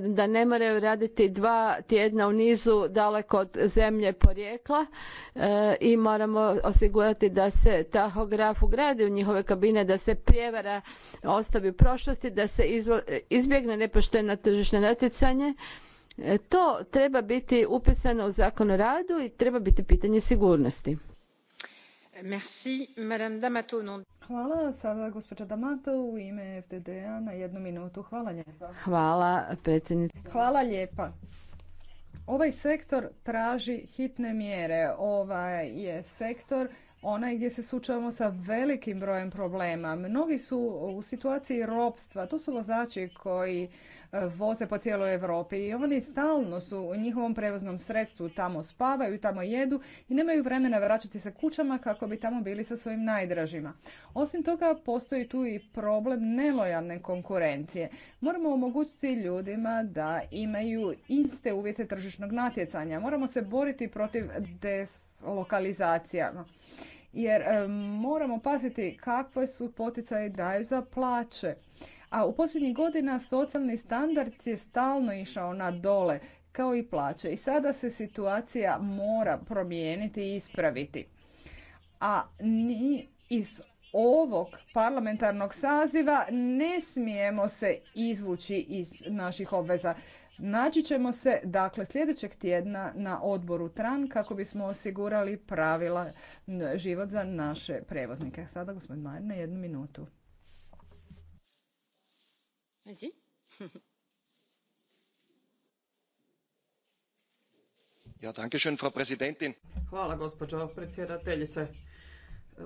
da ne moraju raditi dva tjedna u nizu daleko od zemlje porijekla i moramo osigurati da se tahograf ugradi u njihove kabine, da se prijevara ostavi u prošlosti, da se izbjegne nepošteno tržišno natjecanje E, to treba biti upisano u zakon o radu i treba biti pitanje sigurnosti. Merci, Madame D'Amato. Hvala, sada gospođa D'Amato u ime fdd na jednu minutu. Hvala lijepa. Hvala, predsjednice. Hvala lijepa. Ovaj sektor traži hitne mjere. Ovaj je sektor ona gdje se sučavamo sa velikim brojem problema. Mnogi su u situaciji ropstva. To su vozači koji e, voze po cijeloj Europi i oni stalno su u njihovom prevoznom sredstvu. Tamo spavaju, tamo jedu i nemaju vremena vraćati se kućama kako bi tamo bili sa svojim najdražima. Osim toga, postoji tu i problem nelojalne konkurencije. Moramo omogućiti ljudima da imaju iste uvjete tržišnog natjecanja. Moramo se boriti protiv des lokalizacijama. Jer e, moramo paziti kakve su poticaje daju za plaće. A u posljednjih godina socijalni standard je stalno išao na dole, kao i plaće. I sada se situacija mora promijeniti i ispraviti. A ni iz ovog parlamentarnog saziva ne smijemo se izvući iz naših obveza. Naći ćemo se dakle sljedećeg tjedna na odboru TRAN kako bismo osigurali pravila život za naše prevoznike. Sada gospodin Majer na jednu minutu. Ja, danke schön, Frau Präsidentin. Hvala gospođo predsjedateljice.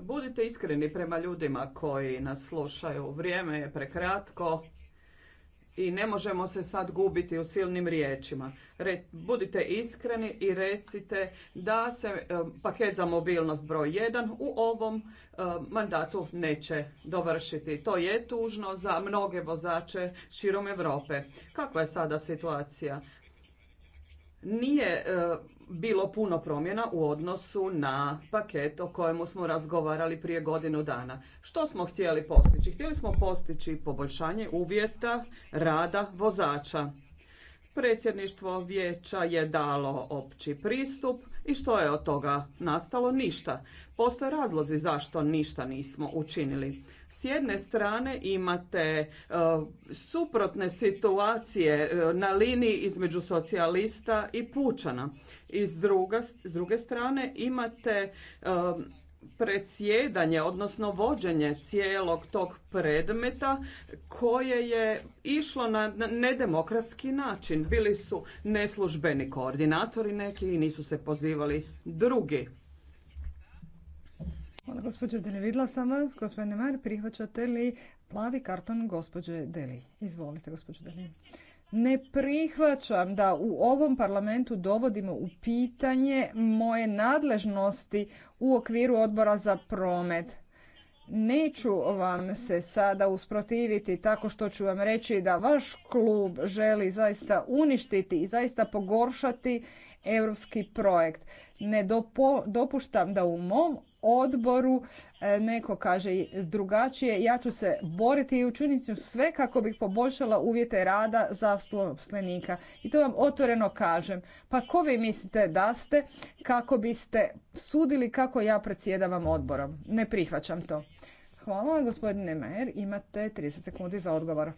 Budite iskreni prema ljudima koji nas slušaju. Vrijeme je prekratko i ne možemo se sad gubiti u silnim riječima. budite iskreni i recite da se e, paket za mobilnost broj 1 u ovom e, mandatu neće dovršiti. To je tužno za mnoge vozače širom Europe. Kakva je sada situacija? Nije e, bilo puno promjena u odnosu na paket o kojemu smo razgovarali prije godinu dana. Što smo htjeli postići? Htjeli smo postići poboljšanje uvjeta rada vozača Predsjedništvo vijeća je dalo opći pristup i što je od toga nastalo? Ništa. Postoje razlozi zašto ništa nismo učinili. S jedne strane imate e, suprotne situacije e, na liniji između socijalista i pučana. I s, druge strane imate e, predsjedanje, odnosno vođenje cijelog tog predmeta koje je išlo na nedemokratski način. Bili su neslužbeni koordinatori neki i nisu se pozivali drugi. Hvala gospođo Deli, vidla sam vas. Gospodine Mar, prihvaćate li plavi karton gospođe Deli? Izvolite gospođo Deli. Ne prihvaćam da u ovom parlamentu dovodimo u pitanje moje nadležnosti u okviru odbora za promet. Neću vam se sada usprotiviti tako što ću vam reći da vaš klub želi zaista uništiti i zaista pogoršati europski projekt. Ne dopuštam da u mom odboru e, neko kaže drugačije, ja ću se boriti i učiniti sve kako bih poboljšala uvjete rada zaposlenika. I to vam otvoreno kažem. Pa ko vi mislite da ste kako biste sudili kako ja predsjedavam odborom? Ne prihvaćam to. Hvala vam, gospodine Majer. Imate 30 sekundi za odgovor. E,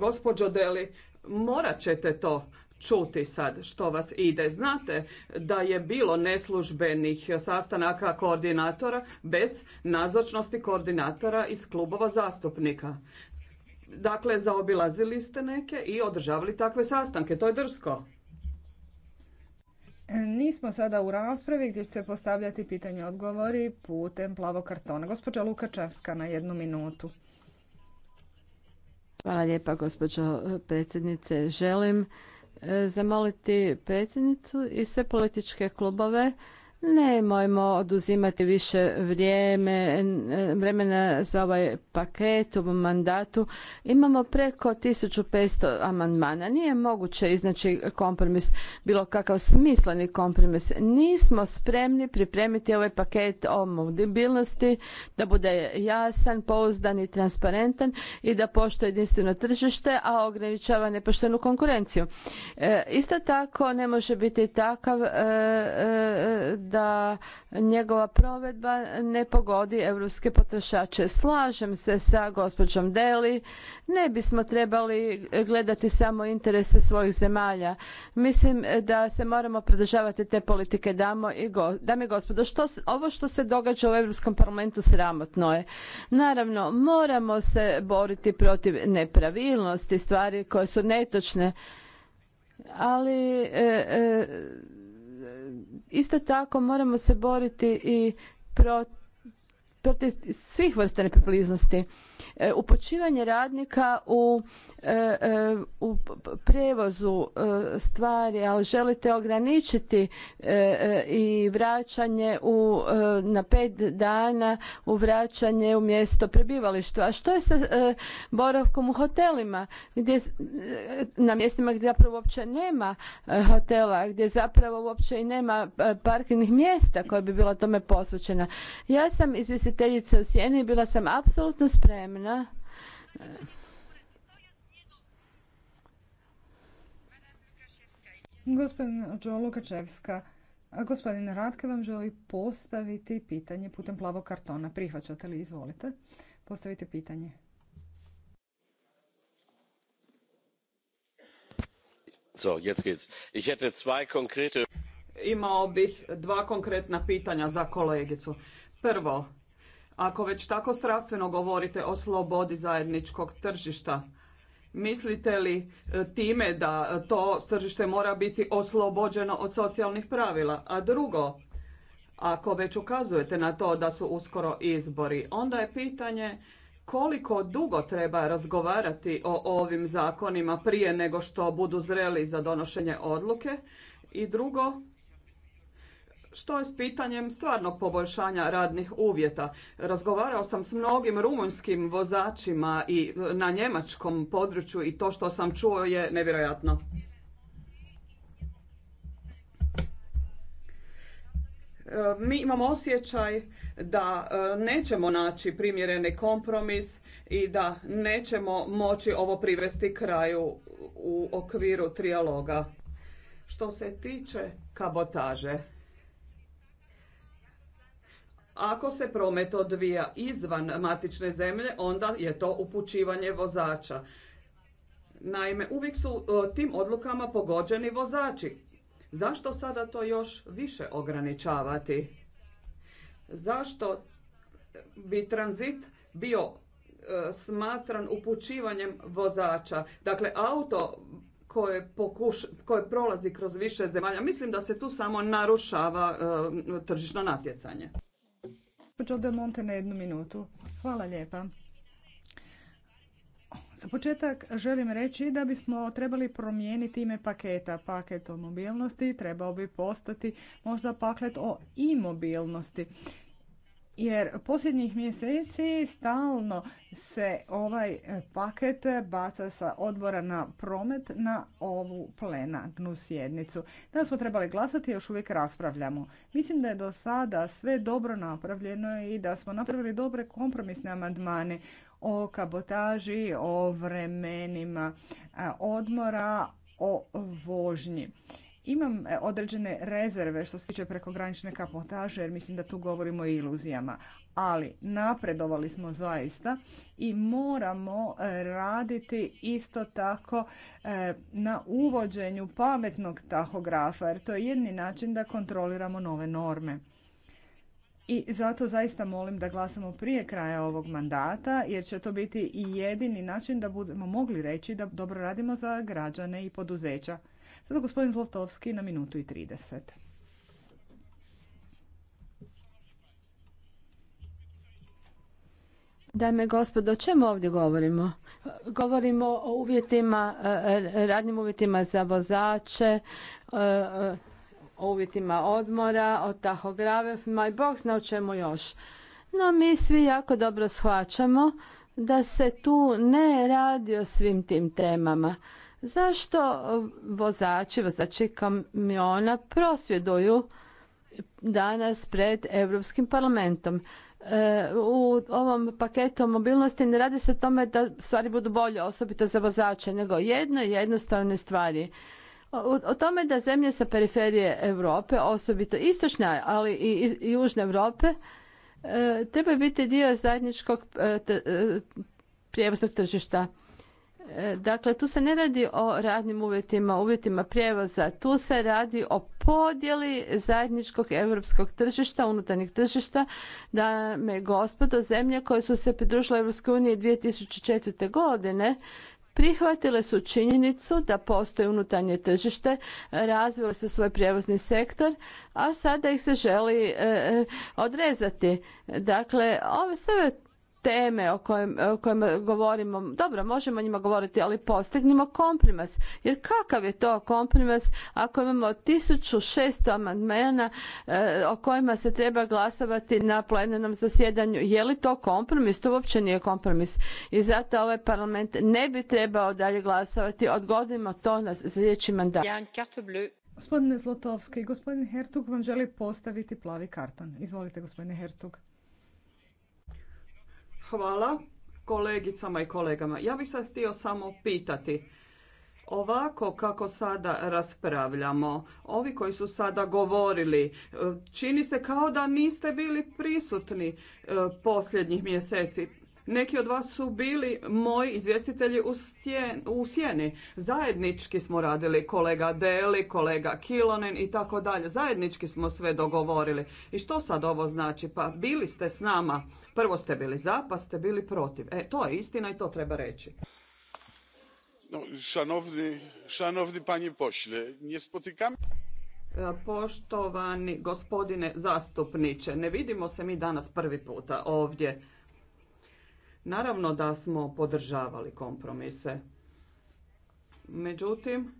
gospođo Deli, morat ćete to čuti sad što vas ide. Znate da je bilo neslužbenih sastanaka koordinatora bez nazočnosti koordinatora iz klubova zastupnika. Dakle, zaobilazili ste neke i održavali takve sastanke. To je drsko. Nismo sada u raspravi gdje će postavljati pitanje odgovori putem plavog kartona. Gospođa Lukačevska na jednu minutu. Hvala lijepa gospođo predsjednice. Želim E, zamoliti predsjednicu i sve političke klubove Nemojmo oduzimati više vrijeme, vremena za ovaj paket u mandatu. Imamo preko 1500 amandmana. Nije moguće iznaći kompromis, bilo kakav smisleni kompromis. Nismo spremni pripremiti ovaj paket o mobilnosti, da bude jasan, pouzdan i transparentan i da poštuje jedinstveno tržište, a ograničava nepoštenu konkurenciju. E, isto tako ne može biti takav e, e, da njegova provedba ne pogodi europske potrošače. Slažem se sa gospođom Deli, ne bismo trebali gledati samo interese svojih zemalja. Mislim da se moramo pridržavati te politike damo i go, dame i gospodo, što, ovo što se događa u Europskom parlamentu sramotno je. Naravno, moramo se boriti protiv nepravilnosti, stvari koje su netočne, ali e, e, isto tako moramo se boriti i protiv svih vrsta nepopuliznosti. E, Upočivanje radnika u, e, e, u prevozu stvari, ali želite ograničiti i vraćanje u, na pet dana u vraćanje u mjesto prebivališta. A što je sa boravkom u hotelima? Gdje, na mjestima gdje zapravo uopće nema hotela, gdje zapravo uopće i nema parkirnih mjesta koja bi bila tome posvećena. Ja sam izvjestiteljica u Sjeni i bila sam apsolutno spremna vremena. E, Đo Lukačevska, gospodin Ratke vam želi postaviti pitanje putem plavog kartona. Prihvaćate li? Izvolite. Postavite pitanje. So, jetzt geht's. Ich hätte zwei konkrete... Imao bih dva konkretna pitanja za kolegicu. Prvo, ako već tako strastveno govorite o slobodi zajedničkog tržišta, mislite li e, time da to tržište mora biti oslobođeno od socijalnih pravila? A drugo, ako već ukazujete na to da su uskoro izbori, onda je pitanje koliko dugo treba razgovarati o ovim zakonima prije nego što budu zreli za donošenje odluke i drugo, što je s pitanjem stvarnog poboljšanja radnih uvjeta. Razgovarao sam s mnogim rumunjskim vozačima i na njemačkom području i to što sam čuo je nevjerojatno. E, mi imamo osjećaj da e, nećemo naći primjereni kompromis i da nećemo moći ovo privesti kraju u okviru trijaloga. Što se tiče kabotaže, ako se promet odvija izvan matične zemlje, onda je to upućivanje vozača. Naime, uvijek su e, tim odlukama pogođeni vozači. Zašto sada to još više ograničavati? Zašto bi tranzit bio e, smatran upućivanjem vozača? Dakle, auto koje, prolazi kroz više zemalja, mislim da se tu samo narušava e, tržišno natjecanje. Gospođo De Monte na jednu minutu. Hvala lijepa. Za početak želim reći da bismo trebali promijeniti ime paketa. Paket o mobilnosti trebao bi postati možda paklet o imobilnosti jer posljednjih mjeseci stalno se ovaj e, paket baca sa odbora na promet na ovu plenarnu sjednicu. Danas smo trebali glasati, još uvijek raspravljamo. Mislim da je do sada sve dobro napravljeno i da smo napravili dobre kompromisne amandmane o kabotaži, o vremenima e, odmora, o vožnji. Imam e, određene rezerve što se tiče prekogranične kapotaže jer mislim da tu govorimo o iluzijama, ali napredovali smo zaista i moramo e, raditi isto tako e, na uvođenju pametnog tahografa jer to je jedni način da kontroliramo nove norme. I zato zaista molim da glasamo prije kraja ovog mandata jer će to biti i jedini način da budemo mogli reći da dobro radimo za građane i poduzeća. Sada gospodin Zlotovski na minutu i 30. Dame i gospodo, o čemu ovdje govorimo? Govorimo o uvjetima, e, e, radnim uvjetima za vozače, e, o uvjetima odmora, o tahografima i bog zna o čemu još. No mi svi jako dobro shvaćamo da se tu ne radi o svim tim temama. Zašto e, vozači, vozači kamiona prosvjeduju danas pred Europskim parlamentom? E, u ovom paketu mobilnosti ne radi se o tome da stvari budu bolje, osobito za vozače, nego jedno jednostavne stvari. O tome da zemlje sa periferije Europe, osobito istočne, ali i južne Europe, e, treba biti dio zajedničkog prijevoznog tržišta. Dakle, tu se ne radi o radnim uvjetima, uvjetima prijevoza, tu se radi o podjeli zajedničkog europskog tržišta, unutarnjih tržišta, da me gospodo zemlje koje su se pridružile Europskoj uniji 2004. godine, prihvatile su činjenicu da postoji unutarnje tržište, razvile su svoj prijevozni sektor, a sada ih se želi e, e, odrezati. Dakle, ove sve teme o kojima govorimo, dobro, možemo o njima govoriti, ali postignimo komprimas. Jer kakav je to komprimas ako imamo 1600 amandmana e, o kojima se treba glasovati na plenarnom zasjedanju? Je li to kompromis? To uopće nije kompromis. I zato ovaj parlament ne bi trebao dalje glasovati. Odgodimo to na sljedeći mandat. Gospodine Zlotovski, gospodin Hertug vam želi postaviti plavi karton. Izvolite, gospodine Hertug. Hvala kolegicama i kolegama. Ja bih sad htio samo pitati. Ovako kako sada raspravljamo, ovi koji su sada govorili, e, čini se kao da niste bili prisutni e, posljednjih mjeseci. Neki od vas su bili moji izvjestitelji u, u sjeni. Zajednički smo radili kolega Deli, kolega Kilonen i tako dalje. Zajednički smo sve dogovorili. I što sad ovo znači? Pa bili ste s nama. Prvo ste bili za, pa ste bili protiv. E, to je istina i to treba reći. No, šanovni, šanovni e, Poštovani gospodine zastupniče, ne vidimo se mi danas prvi puta ovdje. Naravno da smo podržavali kompromise. Međutim,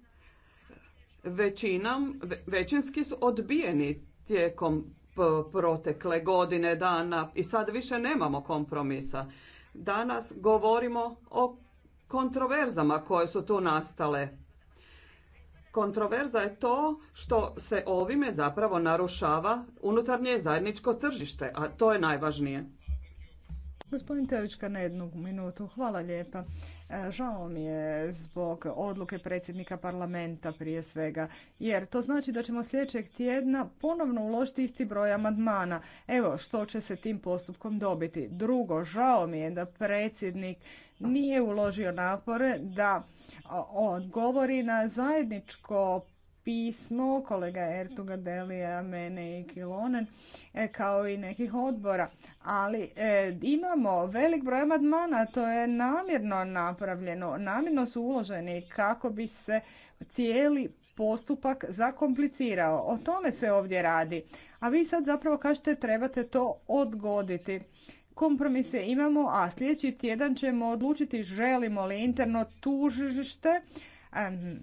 većinom, većinski su odbijeni tijekom protekle godine dana i sad više nemamo kompromisa. Danas govorimo o kontroverzama koje su tu nastale. Kontroverza je to što se ovime zapravo narušava unutarnje zajedničko tržište, a to je najvažnije. Gospodin Telička na jednu minutu. Hvala lijepa. E, žao mi je zbog odluke predsjednika parlamenta prije svega, jer to znači da ćemo sljedećeg tjedna ponovno uložiti isti broj amandmana. Evo što će se tim postupkom dobiti. Drugo, žao mi je da predsjednik nije uložio napore da odgovori na zajedničko pismo kolega Ertuga, Delija, mene i Kilonen, e, kao i nekih odbora. Ali e, imamo velik broj amandmana, to je namjerno napravljeno, namjerno su uloženi kako bi se cijeli postupak zakomplicirao. O tome se ovdje radi. A vi sad zapravo kažete trebate to odgoditi. Kompromise imamo, a sljedeći tjedan ćemo odlučiti želimo li interno tužište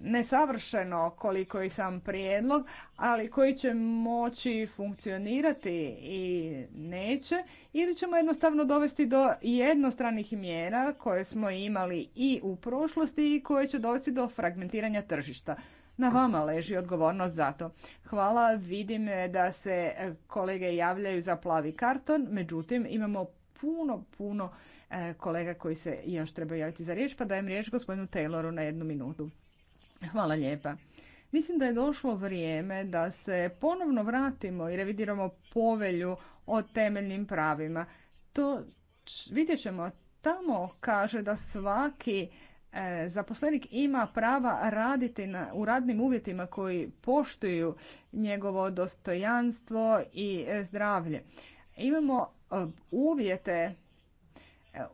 nesavršeno koliko i sam prijedlog, ali koji će moći funkcionirati i neće, ili ćemo jednostavno dovesti do jednostranih mjera koje smo imali i u prošlosti i koje će dovesti do fragmentiranja tržišta. Na vama leži odgovornost za to. Hvala, vidim da se kolege javljaju za plavi karton, međutim imamo puno, puno E, kolega koji se još treba javiti za riječ, pa dajem riječ gospodinu Tayloru na jednu minutu. Hvala lijepa. Mislim da je došlo vrijeme da se ponovno vratimo i revidiramo povelju o temeljnim pravima. To vidjet ćemo tamo kaže da svaki e, zaposlenik ima prava raditi na, u radnim uvjetima koji poštuju njegovo dostojanstvo i e, zdravlje. Imamo uvjete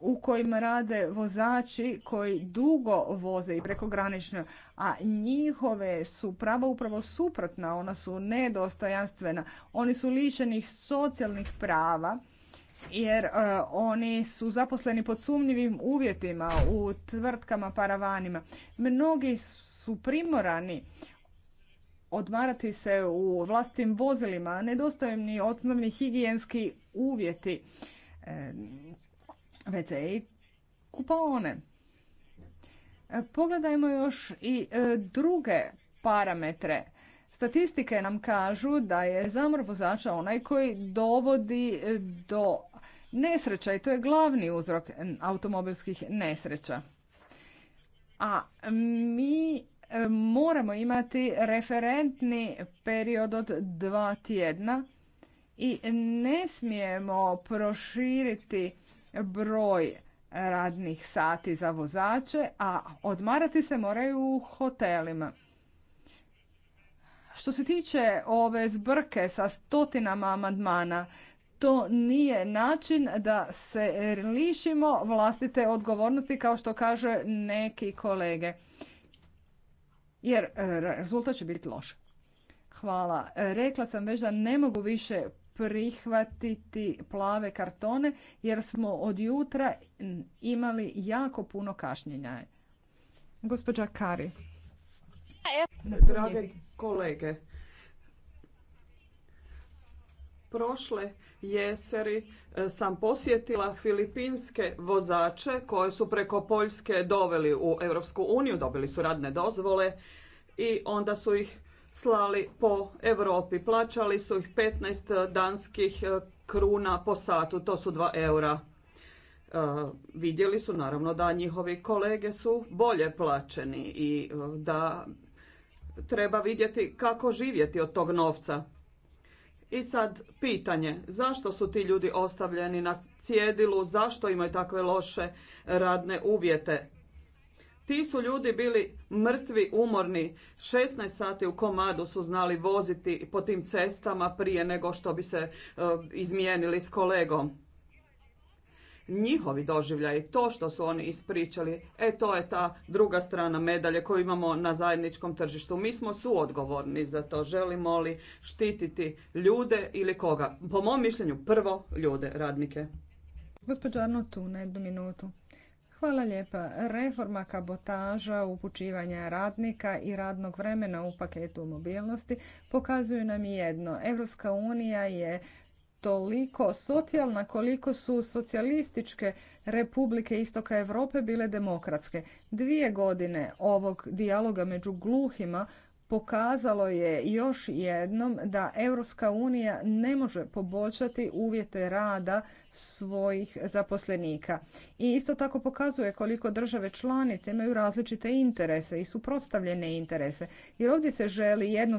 u kojima rade vozači koji dugo voze i prekogranično, a njihove su prava upravo suprotna, ona su nedostojanstvena, oni su lišenih socijalnih prava jer e, oni su zaposleni pod sumnjivim uvjetima u tvrtkama, paravanima. Mnogi su primorani odmarati se u vlastim vozilima, nedostojni ni osnovni higijenski uvjeti. E, WC i kupaone. E, pogledajmo još i e, druge parametre. Statistike nam kažu da je zamor vozača onaj koji dovodi e, do nesreća i to je glavni uzrok automobilskih nesreća. A mi moramo imati referentni period od dva tjedna i ne smijemo proširiti broj radnih sati za vozače, a odmarati se moraju u hotelima. Što se tiče ove zbrke sa stotinama amandmana, to nije način da se lišimo vlastite odgovornosti kao što kaže neki kolege. Jer e, rezultat će biti loš. Hvala. Rekla sam već da ne mogu više prihvatiti plave kartone jer smo od jutra imali jako puno kašnjenja. Gospođa Kari. Drage kolege, prošle jeseri e, sam posjetila filipinske vozače koje su preko Poljske doveli u Europsku uniju, dobili su radne dozvole i onda su ih slali po Europi. Plaćali su ih 15 danskih eh, kruna po satu, to su 2 eura. Eh, vidjeli su naravno da njihovi kolege su bolje plaćeni i eh, da treba vidjeti kako živjeti od tog novca. I sad pitanje, zašto su ti ljudi ostavljeni na cjedilu, zašto imaju takve loše radne uvjete? Ti su ljudi bili mrtvi, umorni. 16 sati u komadu su znali voziti po tim cestama prije nego što bi se e, izmijenili s kolegom. Njihovi doživljaji, to što su oni ispričali, e to je ta druga strana medalje koju imamo na zajedničkom tržištu. Mi smo suodgovorni za to. Želimo li štititi ljude ili koga? Po mom mišljenju prvo ljude, radnike. Gospođo tu na jednu minutu. Hvala lijepa. Reforma kabotaža, upućivanja radnika i radnog vremena u paketu mobilnosti pokazuju nam jedno. Evropska unija je toliko socijalna koliko su socijalističke republike istoka Europe bile demokratske. Dvije godine ovog dijaloga među gluhima pokazalo je još jednom da Europska unija ne može poboljšati uvjete rada svojih zaposlenika. I isto tako pokazuje koliko države članice imaju različite interese i suprotstavljene interese. Jer ovdje se želi jednostavno